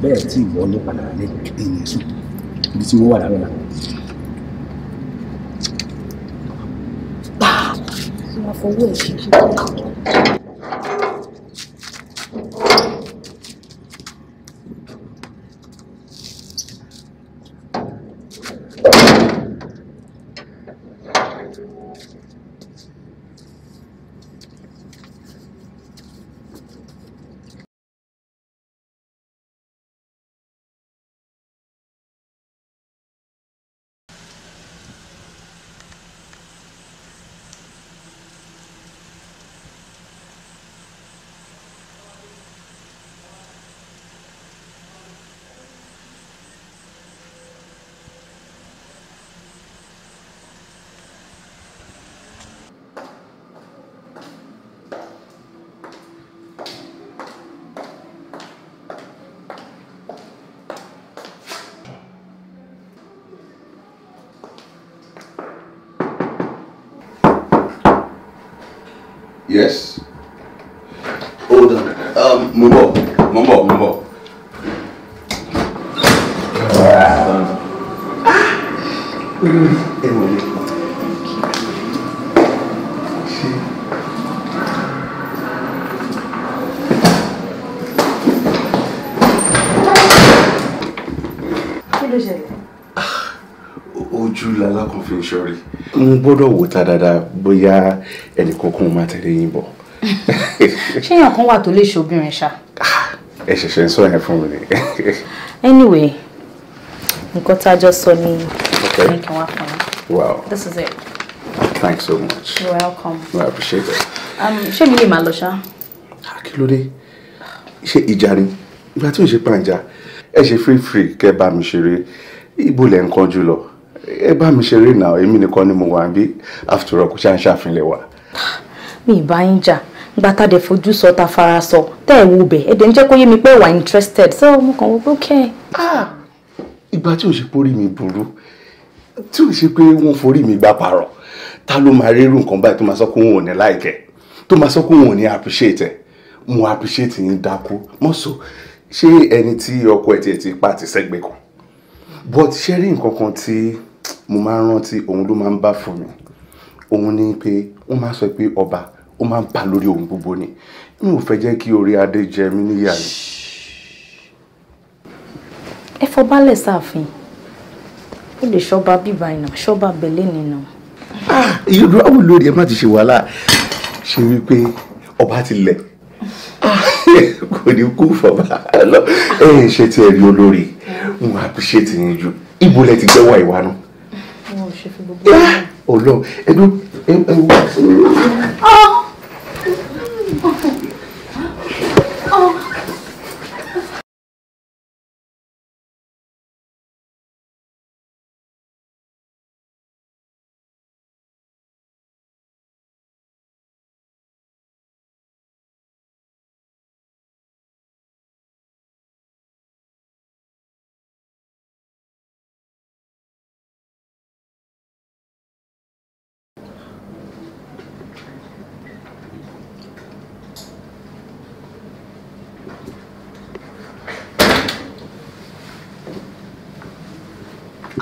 bẹ́ẹ̀ tí ìwọ ní padà lè ẹ̀yìn sùn ibi tí wọ́n wà lára pa máa fọwọ́ ẹ̀ ṣe ṣe. lálá kan fi ń ṣọrí. n gbọ́dọ̀ wò ta dáadáa bóyá ẹnì kankan máa tẹ̀lé yín bọ̀. ṣé èèyàn kan wà tó lè ṣobìnrin ṣá. Ah, ẹ ṣẹ̀ṣẹ̀ ń sọ yẹn fún mi ni. anyway nǹkan tá a jọ sọ ni ní kí wọ́n fún mi. wow this is it. thanks so much. you're welcome. Well, I appreciate it. Um, ṣé mi lè máa lọ ṣá. Ah, kí ló dé ṣé ìjà ni ìgbà tí ò ṣe pàǹjà ẹ ṣe free free kẹ bá mi ṣeré ibo lẹ ń ẹ bá mi ṣeré náà èmi nìkan ni mo wà bí after all kò ṣáà ń ṣàfihàn mi ì bá yín jà gba ta dẹ̀ fojú sọ ta fara sọ tẹ́ ẹ̀ wo bẹ̀ ẹ̀ dẹ̀ ń jẹ́ kó yé mi pé wà interested so mo kàn wò pé okay. Ah! ìgbà tí ò ṣe pórí mi burú tí ò ṣe pé wọ́n forí mi gbà pààrọ̀ ta ló máa rérú nǹkan báyìí tó máa sọ pé òun ò ní láìkẹ́ tó máa sọ pé òun ò ní appreciate ẹ̀ mo appreciate yín dákú mọ́sọ̀ ṣé ẹni tí ọkọ ẹ̀ tiẹ̀ ti pa àtìsẹ́gbẹ̀ẹ́ kan but ṣé rí nǹkan kan tí mo máa ń rántí òun ló máa ń bá fún mi òun ni pé wọ́n máa sọ pé ọba ó máa ń bà lórí ohun gbogbo ni mi ò fẹ́ jẹ́ kí orí adé jẹ mí níyà yìí. ẹ fọbalẹ̀ sáàfin ó lè ṣọba bíbá iná ṣọba bẹ̀lẹ́ nínú. Ah, ìyọ̀dọ̀ àwọn olórí ẹ má ti ṣe wàhálà ṣe wípé ọba ti lẹ̀ ah, kò ní kú fọba ẹ ṣe tí ẹ rí olórí wọn àbí ṣe tìyànjú ibo lẹ ti gbẹ́wọ̀ ìwà náà ṣe fún gbogbo. ọlọ ẹnu ẹnu.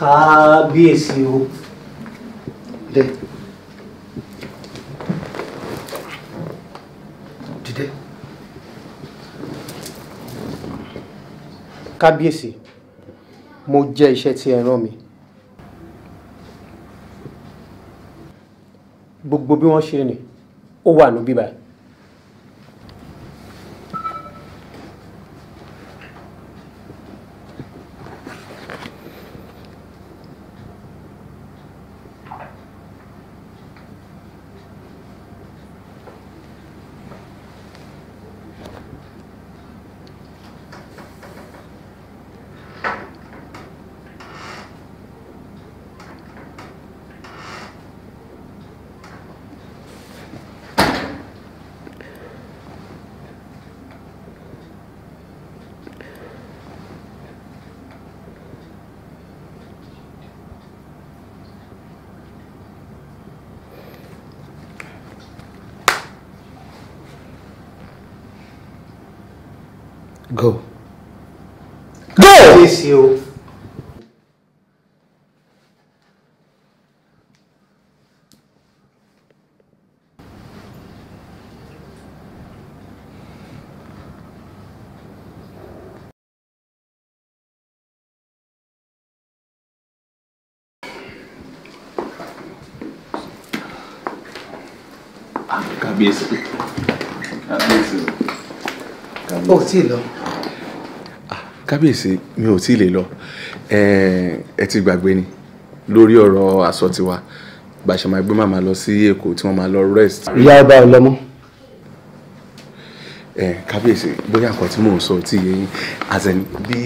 kábíyèsí o. dẹ dídẹ kábíyèsí mo jẹ iṣẹ́ tí ẹ rán mi. gbogbo bí wọ́n ṣe ni ó wà ní bíbáyìí. aconteceu. Cabeça. Cabeça. Cabeça. Ô, Silo. kábíyèsí mi ò tí ì lè lọ ẹ ti gbàgbé ni lórí ọ̀rọ̀ aṣọ tiwa bàṣẹ máa gbé màmá lọ sí èkó tí wọ́n máa lọ rest. ìyá ọba ò lọ́mọ. ẹ kábíyèsí bóyá nǹkan tí mò ń sọ tí yẹ yín àzẹ bí.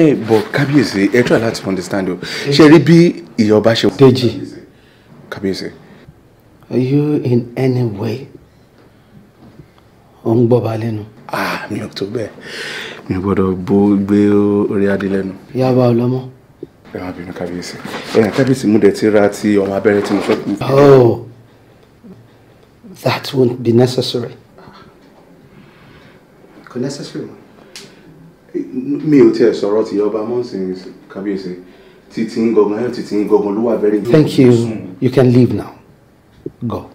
ẹ bọ kábíyèsí ẹ try láti understand o ṣe rí bí ìyá ọba ṣe. Deji kábíyèsí. are you in any way? ó ń gbọ́ ba lẹ́nu ah mi ò tó bẹ́ẹ̀ mi gbọ́dọ̀ bó gbé orí adé lẹ́nu. yaba ọlọmọ. ẹ má bínú kábíyèsí ẹ kábíyèsí mú dẹ ra ti ọmọ abẹ́rẹ́ tí mo fẹ́ kú. oh that won't be necessary. kò necessary mọ́. mi ò tiẹ̀ sọ̀rọ̀ ti ọba mọ́sìn kábíyèsí títí ń gọgàn ẹ̀ títí ń gọgàn ló wà bẹ́rẹ̀ thank you you can leave now go. go.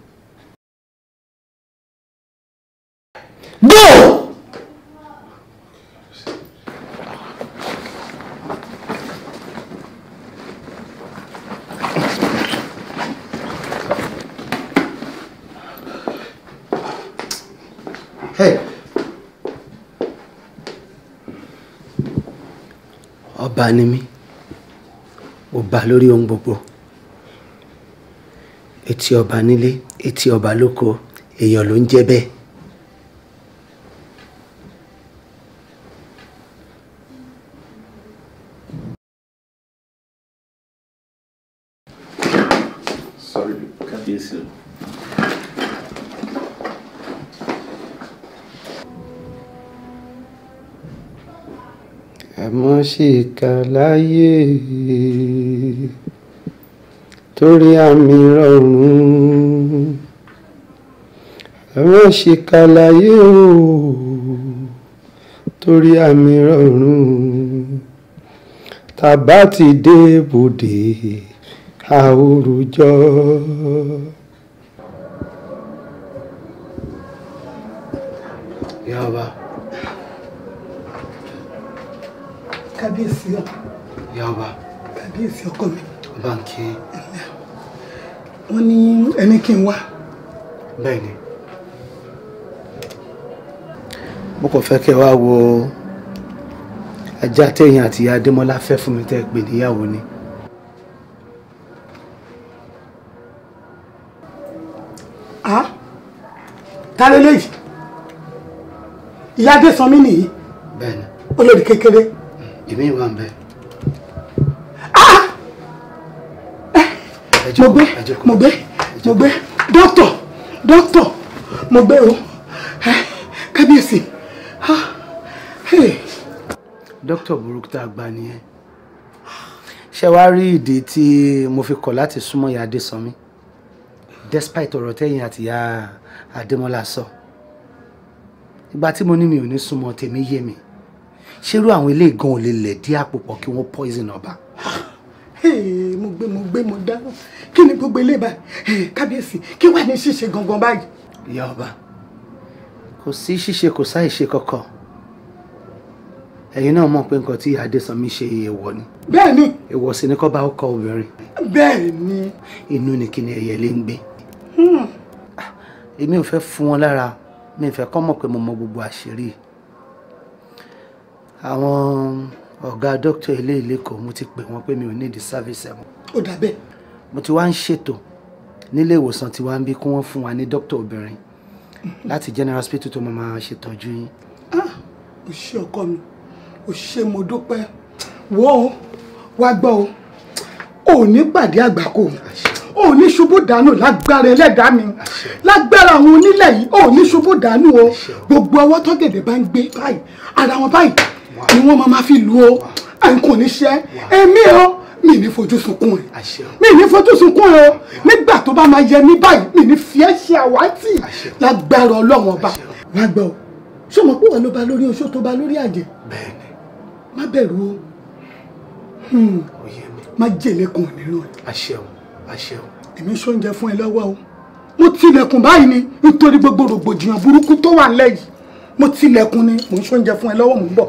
ọba ni mí ọba lórí ohun gbogbo etí ọba nílé etí ọba lóko èèyàn ló ń jẹ́ bẹ́ẹ̀. kà láyé torí àmì rọrùn àwọn ṣìkà láyé o torí àmì rọrùn tàbá ti dé bòde àwòrújọ. yàrá. kábíyèsí ọ. ìyá ọba. kábíyèsí ọkọ mi. ọba ń kí. wọ́n ní ẹni kí n wá. bẹ́ẹ̀ ni. mo kàn fẹ́ kẹ́ wá wo ajá tẹ̀yìn àti ìyá adémọ́lá fẹ́ fún mi tẹ́ ẹ pè níyàwó ni. a ta lélẹ́yìí ìyá adé sanmi nìyí olórí kékeré èmi ìwà ń bẹ. Ah! mo gbé mo gbé mo gbé dókítà dókítà mo gbé o kábíyèsí dókítà burúkú tá a gbà nìyẹn ṣe wá rí ìdí tí mo fi kọ̀ láti súnmọ́ ìyá Adésànmí despite ọ̀rọ̀ tẹ́yìn àti ìyá Adémọ́lá sọ ìgbà tí mo ní mi ò ní súnmọ́ tèmi yé mi ṣerú àwọn ilé gan olè lẹ̀dí àpò pọ̀ kí wọ́n poison ọba. mo gbé mo gbé mo dáná kí ni gbogbo ilé bá kábíyèsí kí wàá ní ṣíṣe gangan báyìí. ìyá ọba kò sí ṣíṣe kò sáì ṣe kankan ẹ̀yin náà mọ̀ pé nǹkan tí adésànmi ṣe èèwọ̀ ni. bẹ́ẹ̀ni. èèwọ̀ sì ni kó bá ọkọ obìnrin. bẹ́ẹ̀ni. inú ni kí ni ẹyẹlé ń gbé. Hmm. Ah, èmi ò fẹ́ fún wọn lára mi ò fẹ́ kọ́ mọ̀ pé mo mọ gbogbo àṣírí yìí àwọn ọ̀gá dókítà ilé ìlẹ́kọ̀ọ́ mo ti pè wọ́n pé mi ò ní di service ẹ̀ mọ́. ó dà bẹ́ẹ̀. mo ti wá ń ṣètò nílé ìwòsàn tiwa ń bí kí wọ́n fún wa ní dókítà obìnrin láti general hospital tó máa máa ṣètọ́jú yín. ah o ṣé ọkọ mi o ṣé mo dúpẹ́ wọ́ o wá gbọ́ o ò ní pàdé àgbákò ò ní ṣubú dànù lágbára ẹlẹ́dàá mi lágbára àwọn onílẹ̀ yìí ò ní ṣubú dànù o gbogbo ọwọ́ tó bá ń gbé báyìí ara wọn báyìí ni wọ́n máa ma fi lù ó àǹkò níṣẹ́ èmi o mi ní fojú sunkún ẹ mi ní fojú sunkún ẹ o nígbà tó bá máa yẹ mí báyìí mi ní fi ẹ́ ṣe àwátì lágbára ọlọ́run ọba wá gbọ́ ọ ṣé mo pé wà ló ba lórí oṣó tó ba lórí àjẹ́ má bẹ̀rù o hmm. má jèlẹ̀kùn nínú ẹ èmi ṣóúnjẹ fún ẹ lọ́wọ́ o mo tilẹ̀kùn báyìí ni nítorí gbogbo rògbòdìyàn burúkú tó wà nílẹ̀ yìí mo tilẹ̀kùn ni mo ń ṣóúnjẹ fún ẹ lọ́wọ́ mò ń bọ̀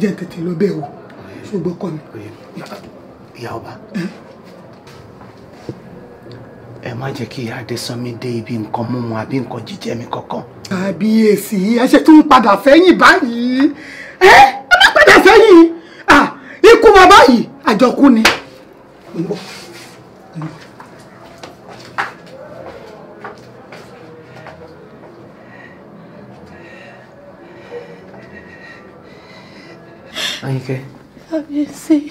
jẹ́ n tètè lọ bẹ́ẹ̀ wò ṣùgbọ́n kọ́ mi. ìyá ọba ẹ má jẹ́ kí ìyá adésánmi dé ibi nǹkan mímu àbí nǹkan jíjẹ mi kankan. àbíyèsí ẹṣẹ tó ń padà fẹ́yìn báyìí ẹ ẹ má padà fẹ́yìn ikú bàbá yìí àjọkú ni. 嗯。Mm Ayinke. Kábíyèsí.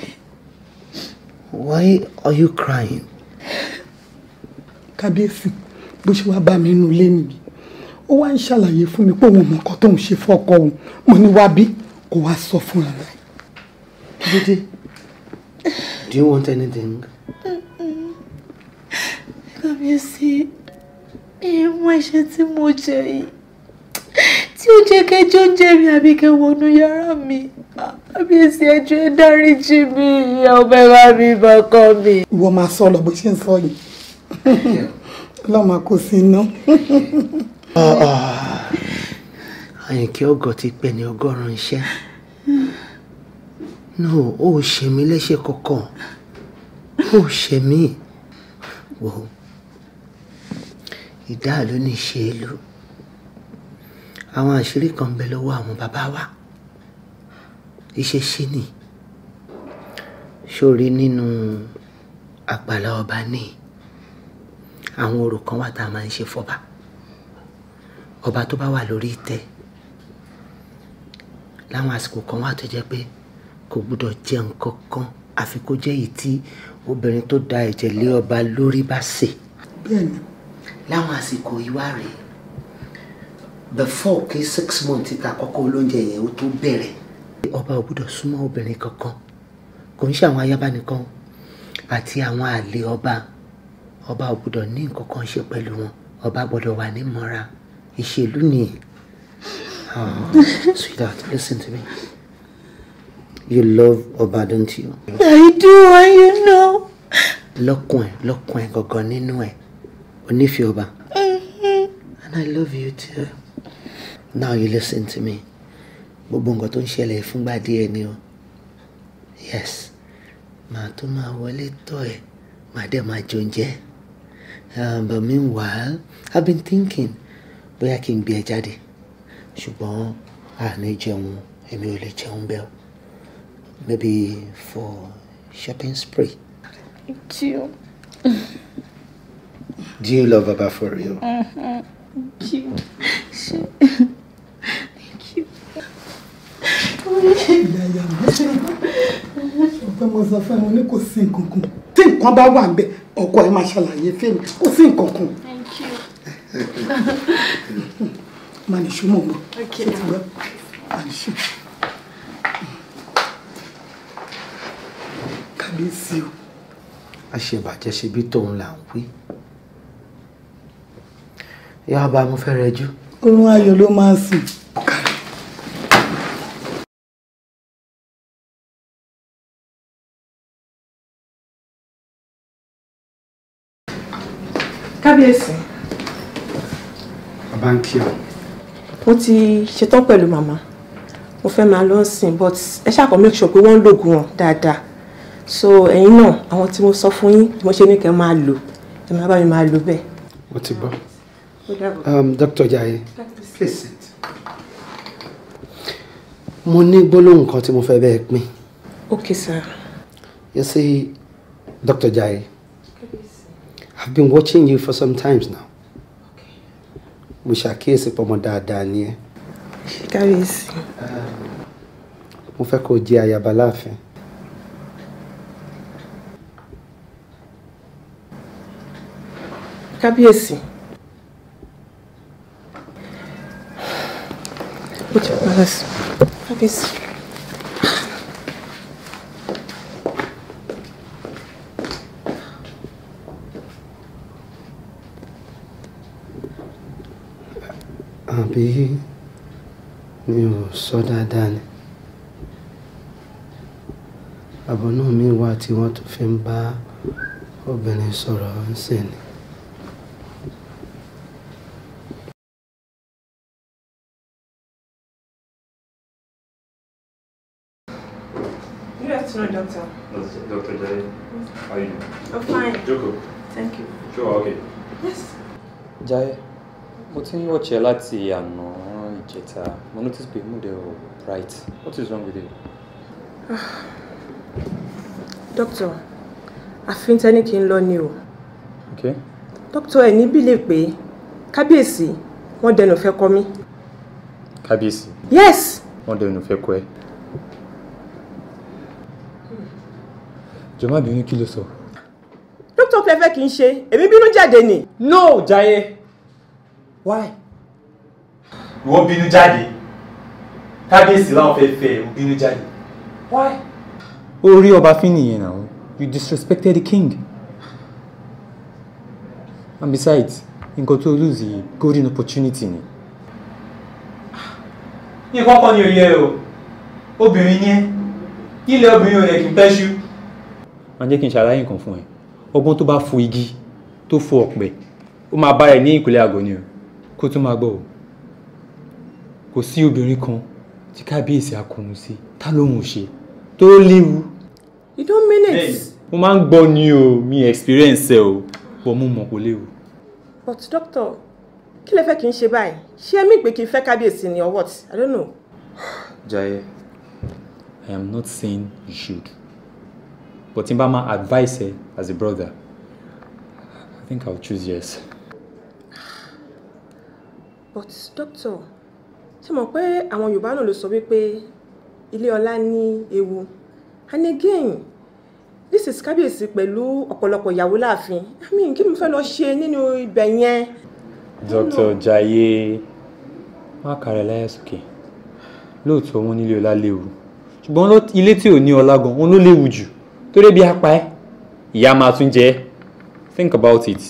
Why are you crying? Kábíyèsí bó ṣe wá bá mi nínú ilé nìyí. Ó wá ń ṣàlàyé fún mi pé òun mọ̀ nǹkan tóun ṣe fọ́kọ òun. Mo ní wá bí kò wá sọ fún ara rẹ̀. do you want anything? Kábíyèsí, ìwọ̀n ẹ̀ṣẹ̀ tí mo jẹ yìí tí ó jẹ́ kẹjọ́ jẹ́ mi àbí kẹ wọnú yàrá mi àbí èsì ẹjọ́ ẹ dáríjì mi ìyá ọmọ ẹ bá mi bá kọ́ mi. ìwọ máa sọ lọ bó ṣe ń sọ yìí lọ́mọ kò sí iná. àyìnkí ọgọ ti pẹ́ ní ọgọ́rùn-ún iṣẹ́ no ó ṣe mí léṣe kankan ó ṣe mí wò ìdá ló ní ṣe é lò àwọn àṣírí kan ń bẹ lọ́wọ́ àwọn bàbá wa ìṣeṣe ni sórí nínú àgbàlá ọba ní àwọn orò wà tá a máa ń ṣe fọba ọba tó bá wà lórí ìtẹ́ láwọn àsìkò kan wà tó jẹ́ pé kò gbúdọ̀ jẹ nǹkan kan àfi kó jẹ́ èyí tí obìnrin tó da ẹ̀jẹ̀ lé ọba lórí bá ṣe. bẹ́ẹ̀ni. láwọn àsìkò yìí rèé before kí six months ta kọ́kọ́ olóúnjẹ yẹn ó tó bẹ̀rẹ̀. ọba ò súnmọ́ obìnrin kankan kò ń ṣe àwọn ayaba àti àwọn àlè ọba ọba ò ní nǹkan kan ṣe pẹ̀lú wọn ọba gbọ́dọ̀ wà ní mọ́ra ìṣèlú nìyẹn. Ah, sweetheart listen to me you love ọba don't you. I do and you know. lọ́kùn ẹ̀ lọ́kùn ẹ̀ gangan nínú ẹ̀ onífẹ̀ẹ́ ọba. Mm-hmm. and I love you too now you listen to me gbogbo nǹkan tó ń ṣẹlẹ̀ fúngbà díẹ̀ ni o yes màá tó máa wọlé tọ̀ ẹ́ màá dẹ̀ máa jọ oúnjẹ um, but meanwhile I've been thinking bóyá kí n gbé ẹ jáde ṣùgbọ́n àní jẹun èmi ò lè jẹun bẹ́ẹ̀ maybe for shopping spree. Do you? Do you love Baba for real? Uh-huh. Mm-hmm. Do you? Mm ìyá ìyá mi ọ̀fẹ́ mo sọ fún ẹ mo ní kò sí nǹkan kan tí nǹkan bá wà níbẹ̀ ọkọ ẹ máa ṣàlàyé fíìmù kò sí nǹkan kan. máa nìṣó mọ̀ mọ́ ṣé gbọ́ máa nìṣó. kábíyèsí o. àṣebàjẹ́ ṣe bí tòun là ń wí ìyá ọba mo fẹ́ rẹjú. oorun ayọ̀ ló máa ń sùn. kábíyèsí. bàbá ń kí ọ. mo ti ṣetán pẹ̀lú màmá mo fẹ́ máa lọ sìn but ẹ ṣàkọ́ make sure pé wọ́n ń lògùn wọn dáadáa so ẹ̀yin náà àwọn tí mo sọ fún yín mo ṣe ní kẹ́ máa lò ẹ máa bá mi máa lò bẹ́ẹ̀. mo ti bọ́ Dr. Jaye please sit. mo ní gbólóhùn kan tí mo fẹ́ bẹ́ẹ̀ pín. okay sir. you see Dr. Jaye I've been watching you for some times now. Mo ṣàkíyèsí pọmọ dáadáa ni ẹ. Ṣé kábíyèsí? Mo fẹ́ kó jẹ́ ayaba láàfin. Kábíyèsí. Ó ti pàlọ́sì. Kábíyèsí. àbí mi ò sọ dáadáa ni àbọ̀ náà mi wà tí wọ́n tún fi ń bá obìnrin sọ̀rọ̀ ń sìn ni. ti ń wọ̀chẹ̀ láti àná ìjẹta mo notice pé mood ẹ ò what is wrong with you. doctor àfin tẹ́ni kí lọ ni o. okay. doctor ẹ̀ níbí lè pé kábíyèsí wọ́n dẹnu fẹ́ kọ́ mi. kábíyèsí. yes. wọ́n dẹnu fẹ́ kọ́ ẹ. jọ̀ọ́ má bínú kí ló sọ. doctor clever kì í ṣe èmi bínú jáde ni. no jaye why. ìwọ bínú jáde kábíyèsí láwọn fẹ́ fẹ́ ìwọ bínú jáde why. orí ọba fín nìyẹn náà you disrespected the king and besides nǹkan tó lose yìí golden opportunity ni. ní kọ́kọ́ ni òye o obìnrin yẹn ilẹ̀ obìnrin ò yẹ kí n pẹ́ ṣú. a jẹ́ kí n ṣàlàyé nǹkan fún ẹ ọgbọ́n tó bá fo igi tó fo ọ̀pẹ ó máa bá ẹ ní ìkúlẹ̀ àgọ́ ni o kó tún máa gbọ́ o kò sí obìnrin kan tí kábíyèsí akọ̀nù sí tá lóhùn ò ṣe tó léwu. you don't mean it. mo máa ń gbọ́ ni o mi experience ẹ o bọ́ mo mọ̀ kó léwu. but doctor kí lẹ fẹ́ kí n ṣe báyìí ṣé ẹ mí kí n fẹ́ kábíyèsí ni or what i don't know. Jaye i am not saying you should but n bá máa advice as a brother i think i will choose yes but doctor ṣé mọ̀ pé àwọn yorùbá náà ló sọ wípé ilé ọlá ní ewu and again this is kábíyèsí pẹ̀lú ọ̀pọ̀lọpọ̀ ìyàwó láàfin i mean kí ni mo fẹ́ lọ ṣe nínú ibẹ̀ yẹn. dr jaye má kàrẹ̀ láyà sókè lóòótọ́ wọn nílé ọlá léwu ṣùgbọ́n ilé tí ò ní ọlá gan òun ló léwu jù torí bí apá ẹ ìyá máa tún jẹ think about it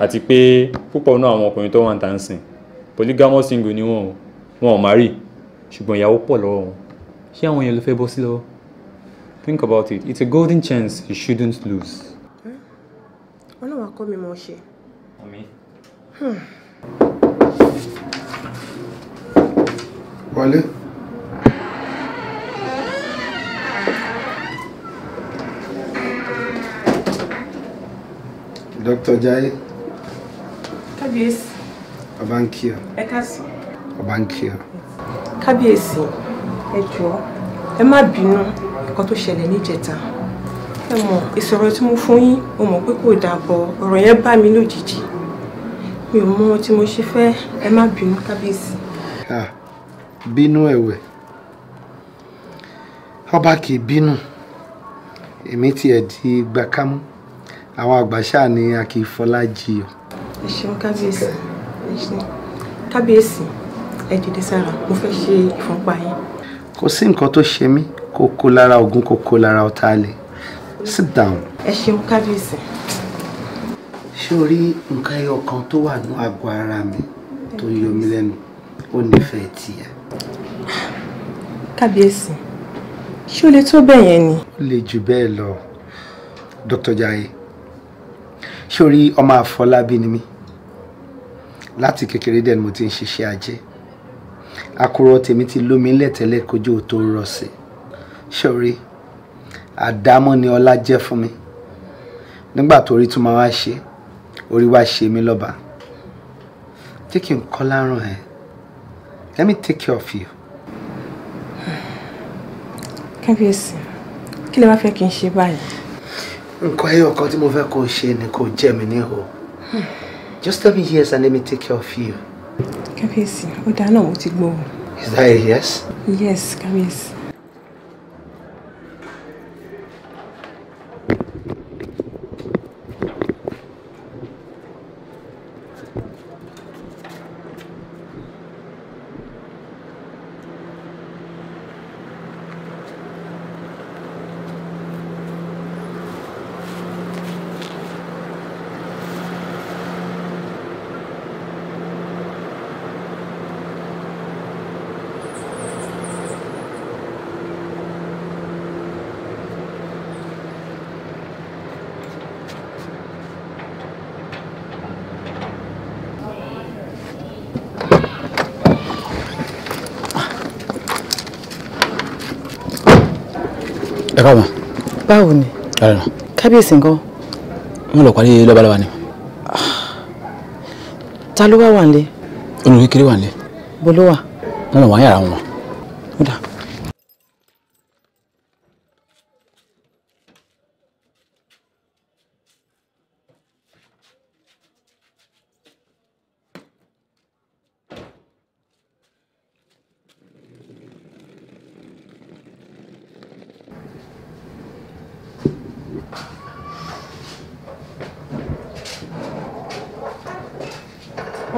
àti pé púpọ̀ náà àwọn ọkùnrin tó wà ń tà ń sìn polygamous single ni wọn wọn ò marry ṣùgbọ́n ìyàwó pọ̀ lọ́wọ́ wọn ṣé àwọn yẹn ló fẹ́ bọ́ sí lọ́wọ́ think about it it's a golden chance you shouldn't lose. ọlọ́wà kọ́ mi mọ̀ ṣe. wọlé. Dr. Jai. Kábíyèsí ọba ń kí ọ. ẹ káàsán. ọba ń kí ọ. kábíyèsí ẹ jọ̀ọ́ ẹ má bínú nǹkan tó ṣẹlẹ̀ níjẹta ẹ mọ̀ ìsọ̀rọ̀ tí mo fún yín mo mọ̀ pé kò mi lójijì mi ò mọ tí mo ṣe fẹ́ ẹ má bínú kábíyèsí. bínú ẹ̀wẹ̀ Oba kì í bínú èmi tiẹ̀ di gbàkámú àwọn àgbàṣà ni a kì í fọlá jiyàn. ẹ ṣeun kábíyèsí kábíyèsí ẹ dìde sára mo fẹ́ ṣe ìfúnpá yín. kò sí nǹkan tó ṣe mí kó kó lára ogun kó kó lára ọ̀tá lè sit down. ẹ ṣeun kábíyèsí. ṣé o rí nǹkan ẹyọ kan tó wà ní àgọ́ ara mi tó ń yọ mí lẹ́nu ó nífẹ̀ẹ́ tìyà. kábíyèsí ṣé o lè tó bẹ́ẹ̀ yẹn ni. ó lè jù bẹ́ẹ̀ lọ dr jaye ṣé o rí ọmọ àfọlábí ni mí láti kékeré dẹ̀ ni mo ti ń ṣiṣẹ́ ajé àkùrọ̀ tèmi ti lómi lẹ́tẹ̀lẹ́ kojú tó rọ̀ sí sórí àdámọ́ ni ọlá jẹ́ fún mi nígbà tó rí tún wá ṣe orí wá ṣe mí lọ́ba jẹ́ kí n kọ́ lárùn ẹ̀ let me take care of you. kábíyèsí kí lè wá fẹ́ kí n ṣe báyìí. nǹkan ẹyọ kan tí mo fẹ́ kó o ṣe ni kó jẹ́ mi níhò. Hmm. Just tell me yes, and let me take care of you. Kábíyèsí, ó dáná, ó ti gbọ́. Is that a yes? Yes, Kábíyèsí. ẹ káwọn. báwo ni. kárí nà. kábíyèsí nǹkan. wọn lọ parí lọ́balọ́ba ni. ta ló wá wà nílé. olùkékeré wà nílé. bolo wa. wọn lọ wà yàrá wọn.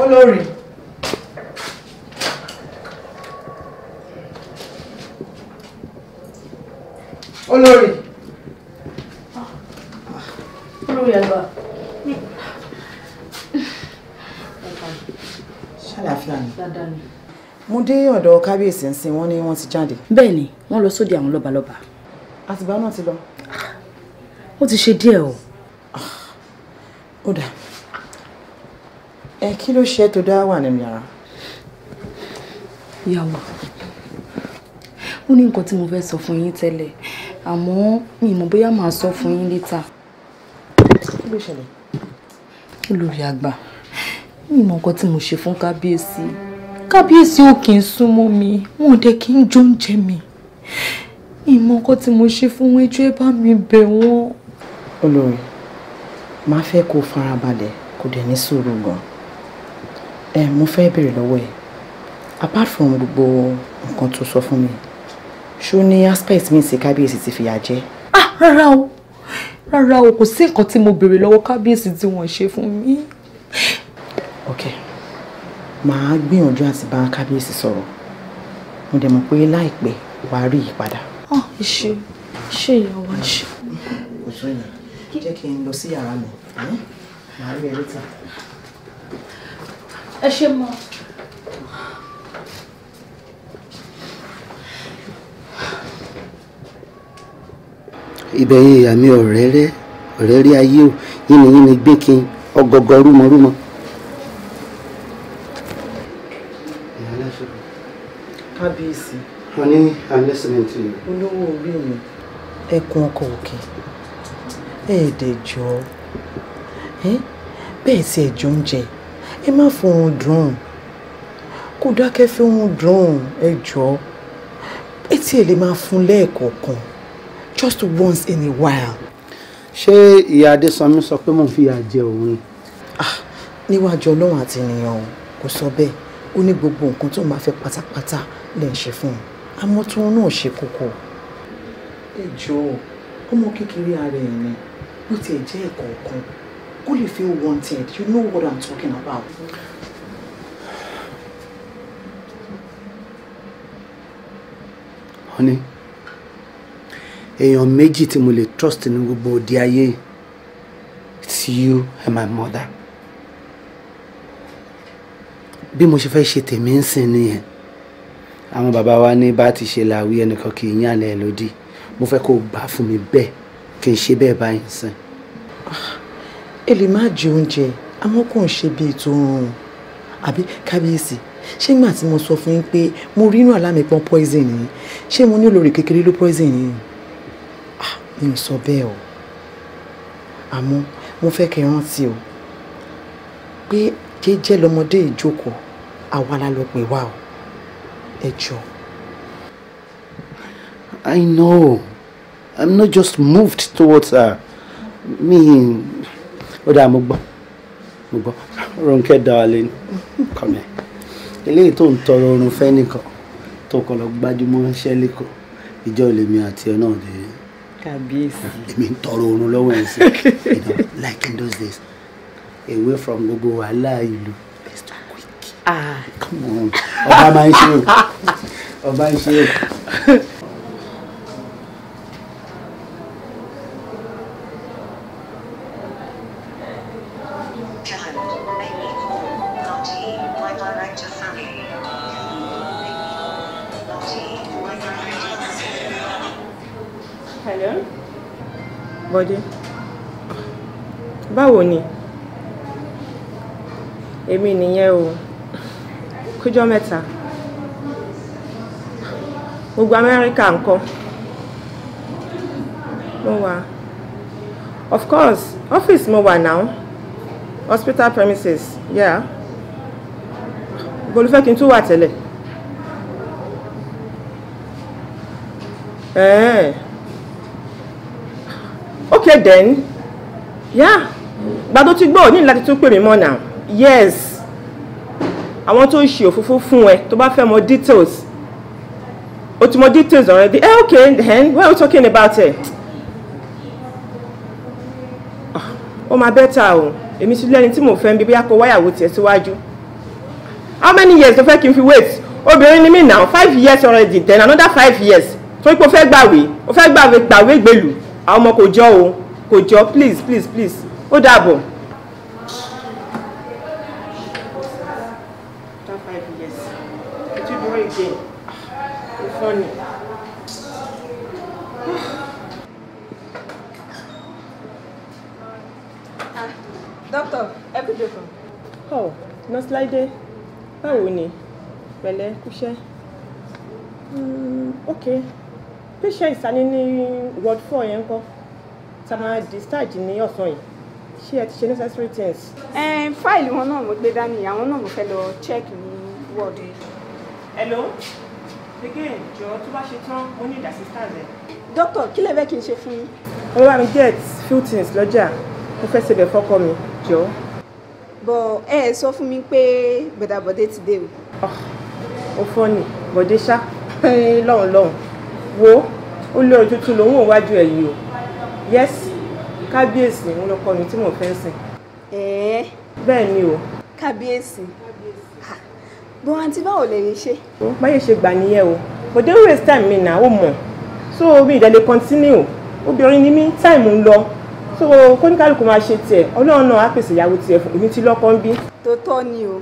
olórí. olórí. olórí àgbà. ṣàlàáfíà ni. dáadáa ni. mo dé ọ̀dọ̀ kábíyèsí ń sin wọ́n ní wọ́n ti jáde. bẹ́ẹ̀ ni wọ́n lọ sóde àwọn lọ́balọ́ba. àtìgbà náà ti lọ. ó ti ṣe díẹ̀ o. ó dáa ẹ kí ló ṣe tó dá wà nínú yàrá. ìyàwó ó ní nǹkan tí mo fẹ́ sọ fún yín tẹ́lẹ̀ àmọ́ mi ì mọ̀ bóyá màá sọ fún yín létà. kí ló ṣẹlẹ̀. olórí àgbà mi ì mọ̀ nǹkan tí mo ṣe fún kábíyèsí kábíyèsí ò kì í súnmọ́ mi wọn ò dẹ̀ kí ń jóúnjẹ mi ìmọ̀ nǹkan tí mo ṣe fún wọn ẹjọ́ ẹ bá mi bẹ̀ wọ́n. olórí máa fẹ́ kó farabalẹ̀ kó dẹ̀ ní sùúrù gan-an ẹ mo fẹ́ bèrè lọ́wọ́ ẹ apart from gbogbo nǹkan tó sọ fún mi ṣó ní aspect mi sí kábíyèsí ti fìyà jẹ. ah rárá o rárá o kò sí nǹkan tí mo bèrè lọ́wọ́ kábíyèsí tí wọ́n ṣe fún mi. ok màá gbìyànjú àti bá kábíyèsí sọ̀rọ̀ mo dẹ̀ mọ̀ pé láìpẹ́ wàá rí ìyípadà. ah ṣe ṣe ìyàwó ṣe. kò tó yẹn jẹ́ kí n lọ sí yàrá mi hm? màá rí ẹ lẹ́tà ẹ ṣe mọ. ìbẹ̀yìn ìyá mi ọ̀rẹ́ rẹ ọ̀rẹ́ rí ayé o yínni yínni gbé kí ọgọgọ rúmọrúmọ. kábíyèsí. wọn ní i'm listening to you. olówó orí mi ẹkùn ọkọ òkè ẹ̀ẹ́dẹ̀jọ́ bẹ́ẹ̀ tí ẹ̀jọ́ ń jẹ ẹ má fohùn dùn kó dákẹ́ fi ohùn dùn ẹ jọ ẹ tí ẹ lè máa fún lẹ́ẹ̀kọ̀ọ̀kan just once in a while. ṣé ìyá adésanmi sọ pé mò ń fìyà jẹ òun ni. Ah, níwájú ọlọ́run àti ènìyàn kò sọ bẹ́ẹ̀ ó ní gbogbo nǹkan tó máa fẹ́ pátápátá lè ń ṣe fún un àmọ́ tó náà ṣe kókó. ẹ jọ̀ọ́ ọmọ kékeré ara ẹ̀ ni bó tiẹ̀ jẹ́ ẹ̀kọ̀ọ̀kan Could you feel wanted you know what i'm talking about. honey èèyàn méjì tí mo lè trust ní gbogbo òde ayé it's you and my mother bí mo ṣe fẹ́ ṣe tèmi ń sìn nìyẹn àwọn bàbá wa ní bá ti ṣe làwí ẹnìkan kì í yàn lẹ́ lódì mo fẹ́ kó gbà fún mi bẹ́ẹ̀ kí n ṣe bẹ́ẹ̀ báyìí ẹ lè jẹ oúnjẹ àmọ́ kò ń ṣe bíi tó rọrùn àbí kábíyèsí ṣé nígbà tí mo sọ fún yín pé mo rí inú àlámì pọn poison yìí ṣé mo ní olórí kékeré ló poison yìí ah mi ò sọ bẹ́ẹ̀ o àmọ́ mo fẹ́ kẹ́ rántí o pé jẹ́jẹ́ lọmọdé ìjókòó àwa la pè wá o ẹ jọ. I know I'm not just moved towards her. I mean, ó dáa mo gbọ́ mo gbọ́ Ronke darling come here eléyìí tó ń tọrọ oorun fẹ́ nìkan tó kọ lọ gbájúmọ́ iṣẹ́ lẹ́kọ̀ọ́ ìjọ lèmi àti ẹ náà dé. kàbíyèsí. èmi ń tọrọ oorun lọ́wọ́ ẹ̀ sí like in those days away from gbogbo wàhálà ìlú best quick. ah come on ọba máa ń ṣe o ọba ń ṣe o. Bọ́dé báwo ni èmi nìyẹn o kújọ́ mẹ́ta gbogbo Amẹ́ríkà ńkọ́ mo wà of course office mo wà now hospital premises yeah bolufẹ́ kí n tún wà tẹ́lẹ̀ ẹ̀ẹ́ okay then yeah gbàdó ti gbọ́ ní láti tún pè mí mọ́ now yes I want to show òfófó fún ẹ To bá fẹ́ mọ details o ti mọ details already eh okay then what are we talking about it ah, ó máa bẹ́tà o èmi sì lẹ́ni tí mò ń fẹ́ bí bóyá kó wáyàwó tiẹ̀ síwájú how many years ló fẹ́ kí fi wait obìnrin ni mí now five years already then another five years torí pé o fẹ́ gbàwé o fẹ́ gbàwé gbàwé gbèlú àwọn ọmọ kò jọ o kò jọ please please please ó dàbọ̀. Funny. Ah, doctor, every day from. Oh, Nurse Laide, báwo ni? Pẹ̀lẹ́, kúṣẹ́. Mm, okay patient sani ní ward four yẹn ń kọ́ tá a máa discharge ní ọ̀sán yìí ṣé ẹ ti ṣe necessary things. Eh, fáìlì wọn náà mo gbé dání àwọn náà mo fẹ́ lọ check ní ward. hello again jọ tó bá ṣe tán mo ní assistance ẹ. doctor kí lè fẹ́ kí n ṣe fún yín. wọ́n mi get few things lọ́jà mo fẹ́ ṣe bẹ̀ fọ́kọ mi jọ. bọ ẹ ẹ sọ fún mi pé bọ̀dàbọ̀dé ti dé o. Ah, ó fọ́ ni bọ̀dé ṣá lọ́hùn lọ́hùn wo ó lórí tuntun lòun ò wájú ẹ̀ o yes kábíyèsí òun lọkọ mi tí mò ń fẹ́ sìn. ẹ̀ẹ́. bẹ́ẹ̀ ni o. kábíyèsí bọ́n àǹtí báwo lè ṣe. báyìí ṣe gbà nìyẹn o but don't waste time me na ó mọ̀ so mi ìdẹ́lẹ̀ continue obìnrin ni mí time ń lọ so kóníkálukú máa ṣe tiẹ̀ ọlọ́run náà á pèsè ìyàwó tiẹ̀ fún èmi tí lọ́kọ ń bí. tó tọ́ ni o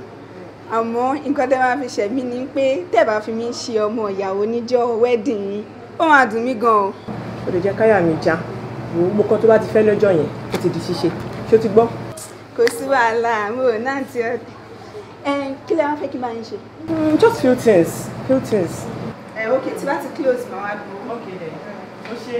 àmọ́ nǹkan tẹ́ máa fi ṣẹ̀mí ni pé tẹ́ẹ̀ bá fi mí ṣe ọmọ ìyàwó níjọ́ wedding yìí ó máa dùn mí gan o. ó lè jẹ́ káyà mi já wò ó tó bá ti fẹ́ lọ́jọ́ yẹn ó ti di ṣíṣe ṣé ti gbọ́. kò sí wàhálà mo ò náà ti ọdẹ kí lè wá fẹ́ kí bá yín ṣe. Mm, just few things few things. ẹ ok tí bá ti close màá wá gbó. ok then o ṣe.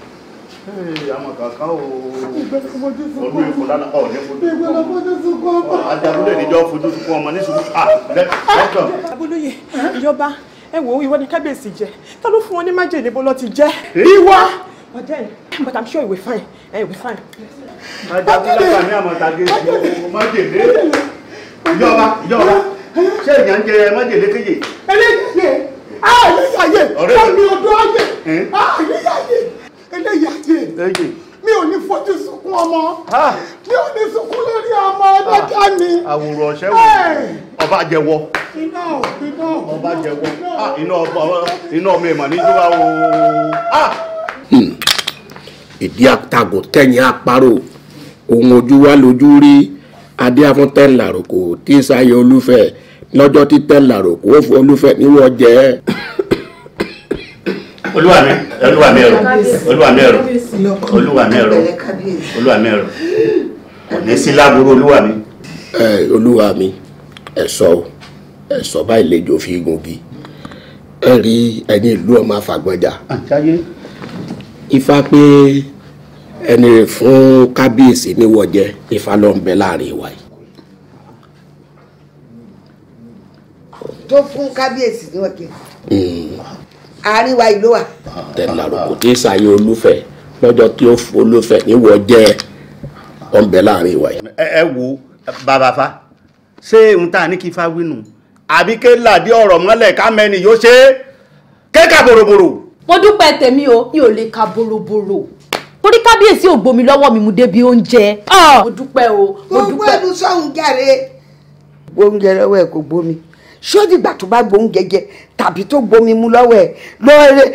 àwọn kankan o olú ikú lánàá ọ̀ ní fojú sunkún ọmọ ajagunlé níjọ́ fojú sunkún ọmọ ní sunkún ah lẹ́tọ̀. abúlóye ìjọba ẹ wo ìwọ ni kábíyèsí jẹ ta ló fún wọn ní májèlé bó lọ ti jẹ ìwà ọjọ́ yìí but i'm sure you will fine eh, you will fine. ajagunlé kan ní àmọ̀tàgé májèlé ìjọba ìjọba ṣé èèyàn ń jẹ májèlé kéye. eléyìí ṣe àyíṣàyè ah, ọ̀rẹ́ mi ọdún ayé àyíṣàyè eléyìí àjẹ́ mi ò ní fojú sunkún ọmọ mi ò ní sunkún lórí ọmọ ẹlẹ́dá mi. àwòrán ọ̀sẹ̀ wò ọba jẹ́wọ́ ọba jẹ́wọ́ iná ọmọ ìmọ̀ níjọba o. Hmm. ìdí àtàgò tẹ̀yìn àparò ohun ojú wa lójú rí adé afúntẹ́ làròkò tí ń sáyé olúfẹ́ lọ́jọ́ títẹ́ làròkò ó fún olúfẹ́ níwọ̀ jẹ́ olúwa mi olúwa mi ẹrù olúwa mi ẹrù olúwa mi ẹrù olúwa mi ẹrù òní sí láburú olúwa mi. ẹ olúwa mi ẹ sọ o ẹ sọ báyìí lẹjọ fi igun bí ẹ rí ẹni ìlú ọmọ afàgbọjà ifá pé ẹni rẹ fún kábíyèsí níwọjẹ ifá ló ń bẹ láàrin wa yìí. tó fún kábíyèsí níwọjẹ. Hmm. àárín wa ìlú wa. tẹ̀lé àròkò tí ìsàyè olúfẹ̀ lọ́jọ́ tí ó fún olúfẹ̀ níwọ̀ jẹ́ ọ̀nbẹ láàrin wa yìí. ẹ wo bàbá fa ṣé n ta ní kí fa wínú àbí ké ọ̀rọ̀ mọ́lẹ̀ ká mẹ́ni yóò ṣe é ka bòròbòrò. mo dúpẹ́ tèmi o mi ò lè ka bòròbòrò torí kábíyèsí ò gbomi lọ́wọ́ mi mú débi oúnjẹ. Ah! mo dúpẹ́ o mo dúpẹ́. mo gbọ́dọ̀ sọ̀hún jàre. gbóúnjẹ lọ́wọ́ ẹ̀ kò ṣé ó dìgbà tó bá gbóhùn jẹjẹ tàbí tó gbomi mu lọ́wọ́ ẹ̀ lọ́ọ́rẹ́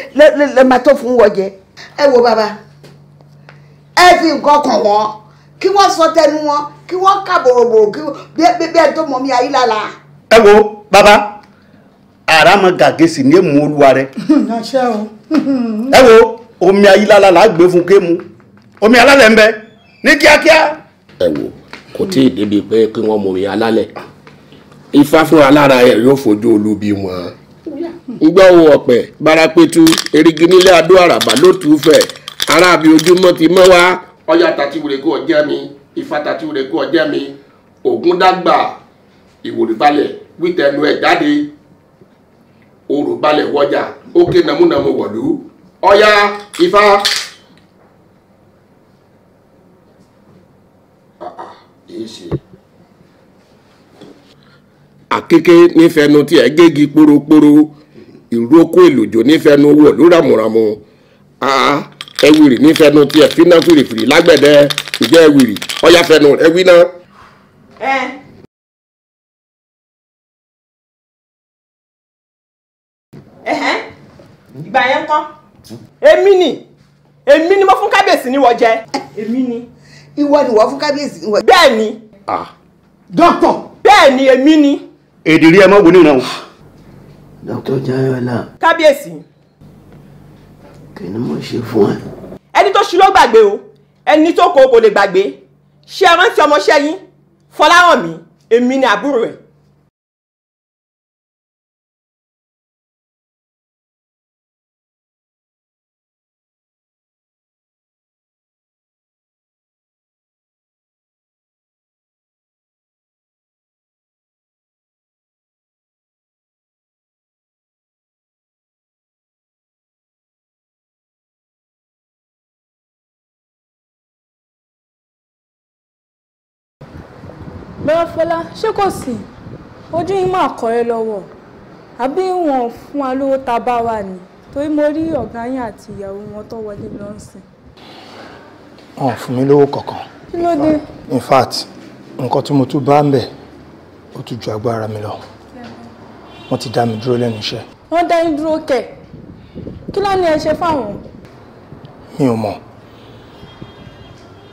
lẹ́ẹ̀ma tó fún wọ́n jẹ. ẹ wo bàbá ẹ fi nǹkan kàn wọ́n kí wọ́n sọ tẹnu wọn kí wọ́n kà bòròbòrò kí bẹ́ẹ̀ tó mọ̀ mí ayé lára. ẹ wo bàbá àràmọ gàgésì ní èmú olúwa rẹ. ẹ wo omi ayé lára là á gbé fún kému omi alálẹ̀ ń bẹ ní kíákíá. ẹ wo kò tí ì débi pé kí wọ́n mọ̀ mí alálẹ̀ ifá fún alára ẹ̀ yóò fojú olubi wọn ngbọ́ ohun ọ̀pẹ̀ barapetu erigi nílé adó àràbà ló tù ú fẹ̀ aráàbí ojúmọ́ ti mọ́ wá ọya tàti wùrẹ́gọ́ ọ̀jẹ́ mi ifá tàti wùrẹ́gọ́ ọ̀jẹ́ mi ògún dàgbà ìwòrì balẹ̀ wítẹ̀nu ẹ̀ jáde orò balẹ̀ wọjà ókè nàmúnàmú wọ̀lú ọya ifá. Ah, ah, èyí akeke nífẹ̀ẹ́nu tí ẹ gégi kpórókpóró ìrókò èlòjò nífẹ̀ẹ́nu wọ̀ lóràmùràmù a ẹwìrì nífẹ̀ẹ́nu tí ẹ fínà fìrìfìrì lágbẹ̀dẹ ìjẹ́ ẹwìrì ọ̀yàfẹ́nu ẹwì náà. ẹ ẹ̀hẹ́n ìgbà yẹn kọ́ èmi ni èmi ni mo fún kábíyèsí ni wọ́n jẹ èmi ni ìwọ ni wọ́n fún kábíyèsí ni wọ́n jẹ bẹ́ẹ̀ ni. dókítà bẹ́ẹ̀ ni èmi ni. èdè rí ẹ mọ́ wò ní ìran o. dr jayola. kábíyèsí. kí ni mo ṣe fún ẹ. ẹni tó ṣu ló gbàgbé o ẹni tó kó o kò lè gbàgbé ṣé ẹ rántí ọmọọṣẹ́ yín fọláhàn mi èmi ni àbúrò ẹ̀ Ọlọ́fẹ́lá ṣé kò sí ojú yín máa kọ́ ẹ lọ́wọ́ àbí wọn fún wa lówó tá a bá wà ní torí mo rí ọ̀gá yín àti ìyàwó wọn tó wọlé lọ sìn. wọn ò fún mi lówó kankan. kí ló dé. in fact nǹkan tí mo tún bá ń bẹ̀ ó tún ju agbára mi lọ wọ́n ti dá mi dúró lẹ́nu iṣẹ́. wọ́n dá yín dúró kẹ̀ kí ló ní ẹ ṣe fáwọn. mi ò mọ̀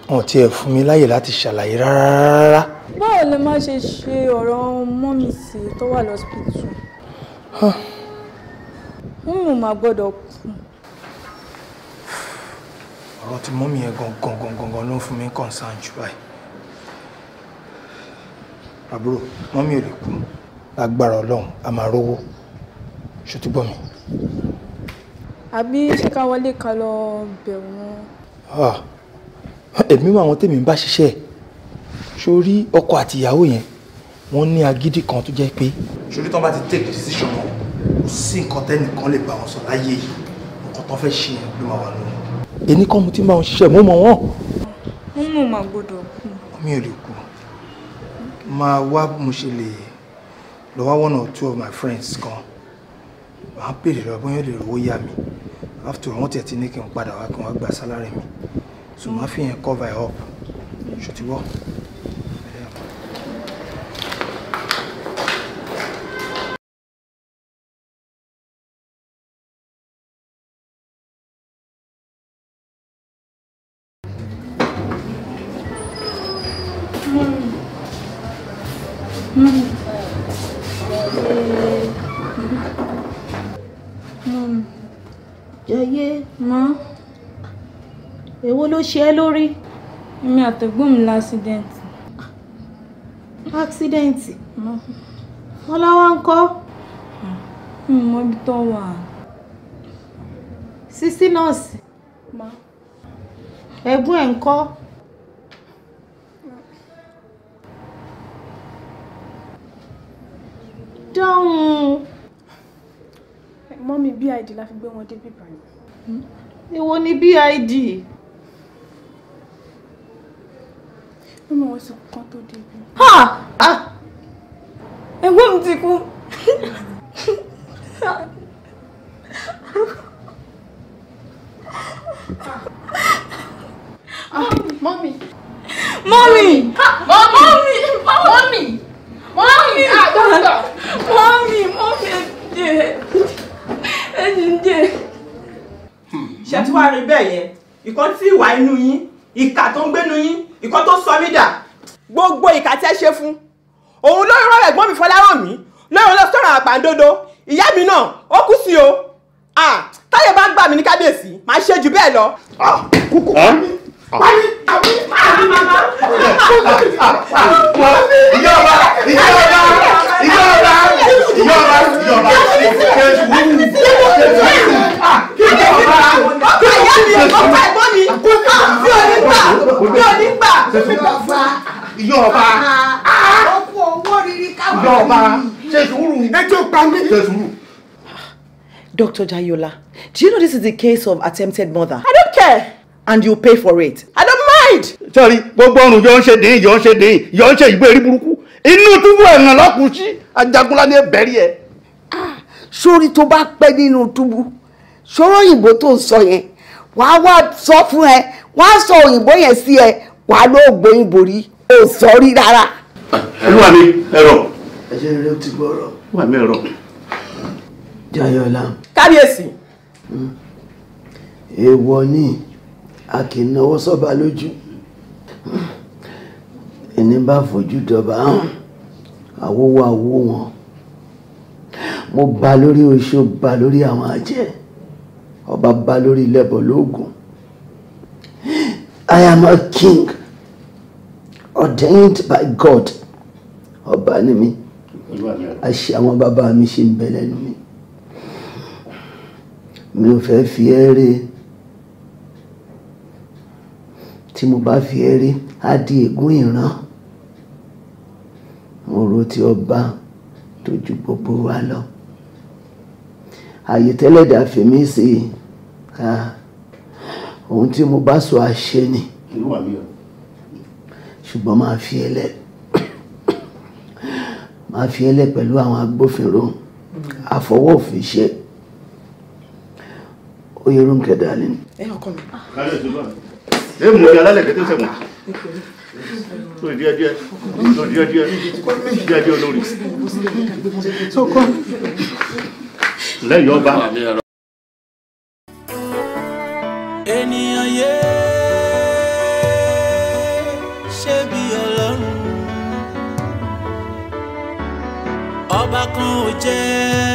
wọn ti ẹ̀ fún mi láyè láti ṣàlàyé rárá. báwo lè má ṣe ṣe ọ̀rọ̀ mọ́mì sí tó wà lọ́sibítù. mímú máa gbọ́dọ̀ kú. ọ̀rọ̀ tí mọ́mì yẹn gangan gangan ló ń fún mi concern jù báyìí. àbúrò mọ́mì ò lè kú lágbára ọlọ́run a máa rówó ṣùtúbọ̀ mi. àbí ṣé ká wọlé ká lọ bẹ̀rù wọn èmi wà àwọn tèmi ń bá ṣiṣẹ́ sórí ọkọ àti ìyàwó yẹn wọ́n ní agídí kan tó jẹ́ pé. sórí tán bá ti take decision wọn kò sí nǹkan tẹ́nìkan lè bá wọn sọ láyé yìí nǹkan tán fẹ́ ṣe yẹn ló máa wà lóyún. èmi kọ́ mo ti máa ń ṣiṣẹ́ mo mọ̀ wọ́n. mo mú ma gbọ́dọ̀ kú. mi ò lè kú máa wá mo ṣe lè lọ wá one or two of my friends kan máa ń pèrè lọ bóyá lè rówó yá mi after all wọ́n tiẹ̀ ti ní kí n padà wá kí n wá sálárì mi so máa fi yẹn cover ẹ̀ up ṣòtìwọ́. ṣe é lórí. èmi àtẹ̀gbọ́n mi lásìdẹ́ǹtì. àksidẹ́ǹtì ọlọ́wọ́ ń kọ́. mi ò mọ ibi tó wà. sísí nọ́ọ̀sì. ẹ̀gbọ́n ẹ̀ ń kọ́. dáhùn. mọ́mí bid la fi gbé wọn dé bíbá yìí. èwo ni bid. Ah! wọ́n mọ̀ wọ́n sì kú kán tó débi. ẹ̀gbọ́n mi ti kú. mọ́mì. mọ́mì. mọ́mì. mọ́mì. mọ́mì. àdọ́gbà. mọ́mì mọ́mì ẹ̀jẹ̀ ẹ̀jẹ̀. ṣé tí wàá rí bẹ́ẹ̀ yẹn ìkan tí ìwà inú yín ìkà tó ń gbénu yín nǹkan tó sọ mí dà. gbogbo ìkà tí ẹ ṣe fún òun ló rọrọ ẹ̀gbọ́n mi Fọlárànmí lọrọ lọ sọ̀rọ̀ àpàǹdodo ìyá mi náà ó kú sí o táyé bá gbà mí ní kábíyèsí màá ṣe jù bẹ́ẹ̀ lọ. kúkú kú Mami, ah. mami, mami, mama. Ìyá ọba, ìyá ọba, ìyá ọba, ìyá ọba, ìyá ọba. Kẹ̀sù wúwú, kẹ̀sù wúwú. Kẹ̀sù ọba, kẹ̀sù wúwú. Ọ̀pá ìyá mi ọ̀pá ẹ̀gbọ́n mi. Mi ò ní gbà, mi ò ní gbà. Ìyá ọba. Ọkọ owó rírí káwọn. Ìyá ọba, kẹ̀sù wúwú. Ẹ tó pa mí. Kẹ̀sù wúwú. Dr. Jayola, do you know this is the case of attempted murder? I don't care and you pay for it. I don't mind. sọ́ọ́rí gbogbo ọrùn yọ ń ṣe dín yọ ń ṣe dín yọ ń ṣe ìgbé rí burúkú inú túbú ẹ̀ràn lọ́kùn sí Ajagunládé bẹ̀rí ẹ̀. Ah, sórí tó bá pẹ́ nínú túbú sọ̀rọ̀ òyìnbó tó ń sọ yẹn wàá wá sọ fún ẹ wàá sọ òyìnbó yẹn sí ẹ wàá ló gbóyìn borí ò sọ rí rárá. olúwa mi ẹ̀rọ. ẹ̀jẹ̀ rẹ ti gbọ́rọ̀. olúwa mi ẹ̀rọ. Jayọ̀lá. kábíyèsí. Hmm. èèwọ̀ ni. Mm a kì í náwó sọ́ba lójú ẹni bá fojú dọba hàn àwòwò wọn mo ba lórí oṣó ba lórí àwọn àjẹ́ ọba ba lórí lẹ́bọ̀ lóògùn I am a king ordained by God ọba ni mi àṣẹ àwọn bàbá mi ṣe ń bẹ lẹ́nu mi mi ò fẹ́ fi ẹ́ rèé. tí mo bá fi ẹ́ rí á di ègún ìran ọ̀rọ̀ tí ọba tó ju gbogbo wa lọ àyè tẹ́lẹ̀dà fèmí sí i ohun tí mo bá sọ àṣẹ ni ṣùgbọ́n máa fi ẹlẹ́ máa fi ẹlẹ́ pẹ̀lú àwọn agbófinró àfọwọ́fin ṣe Oyèrúnkẹ́ darling. ẹ ọkọ mi. kálẹ̀ tó bá mi ẹ mú mi alálẹ̀kẹ́ tó sẹ̀wọ̀n tó di díẹ̀ díẹ̀ tó di díẹ̀ díẹ̀ díẹ̀ díẹ̀ olórí. lẹ́yìn ọba. ènìyàn yé ṣé bí ọlọ́run ọba kan ò jẹ́.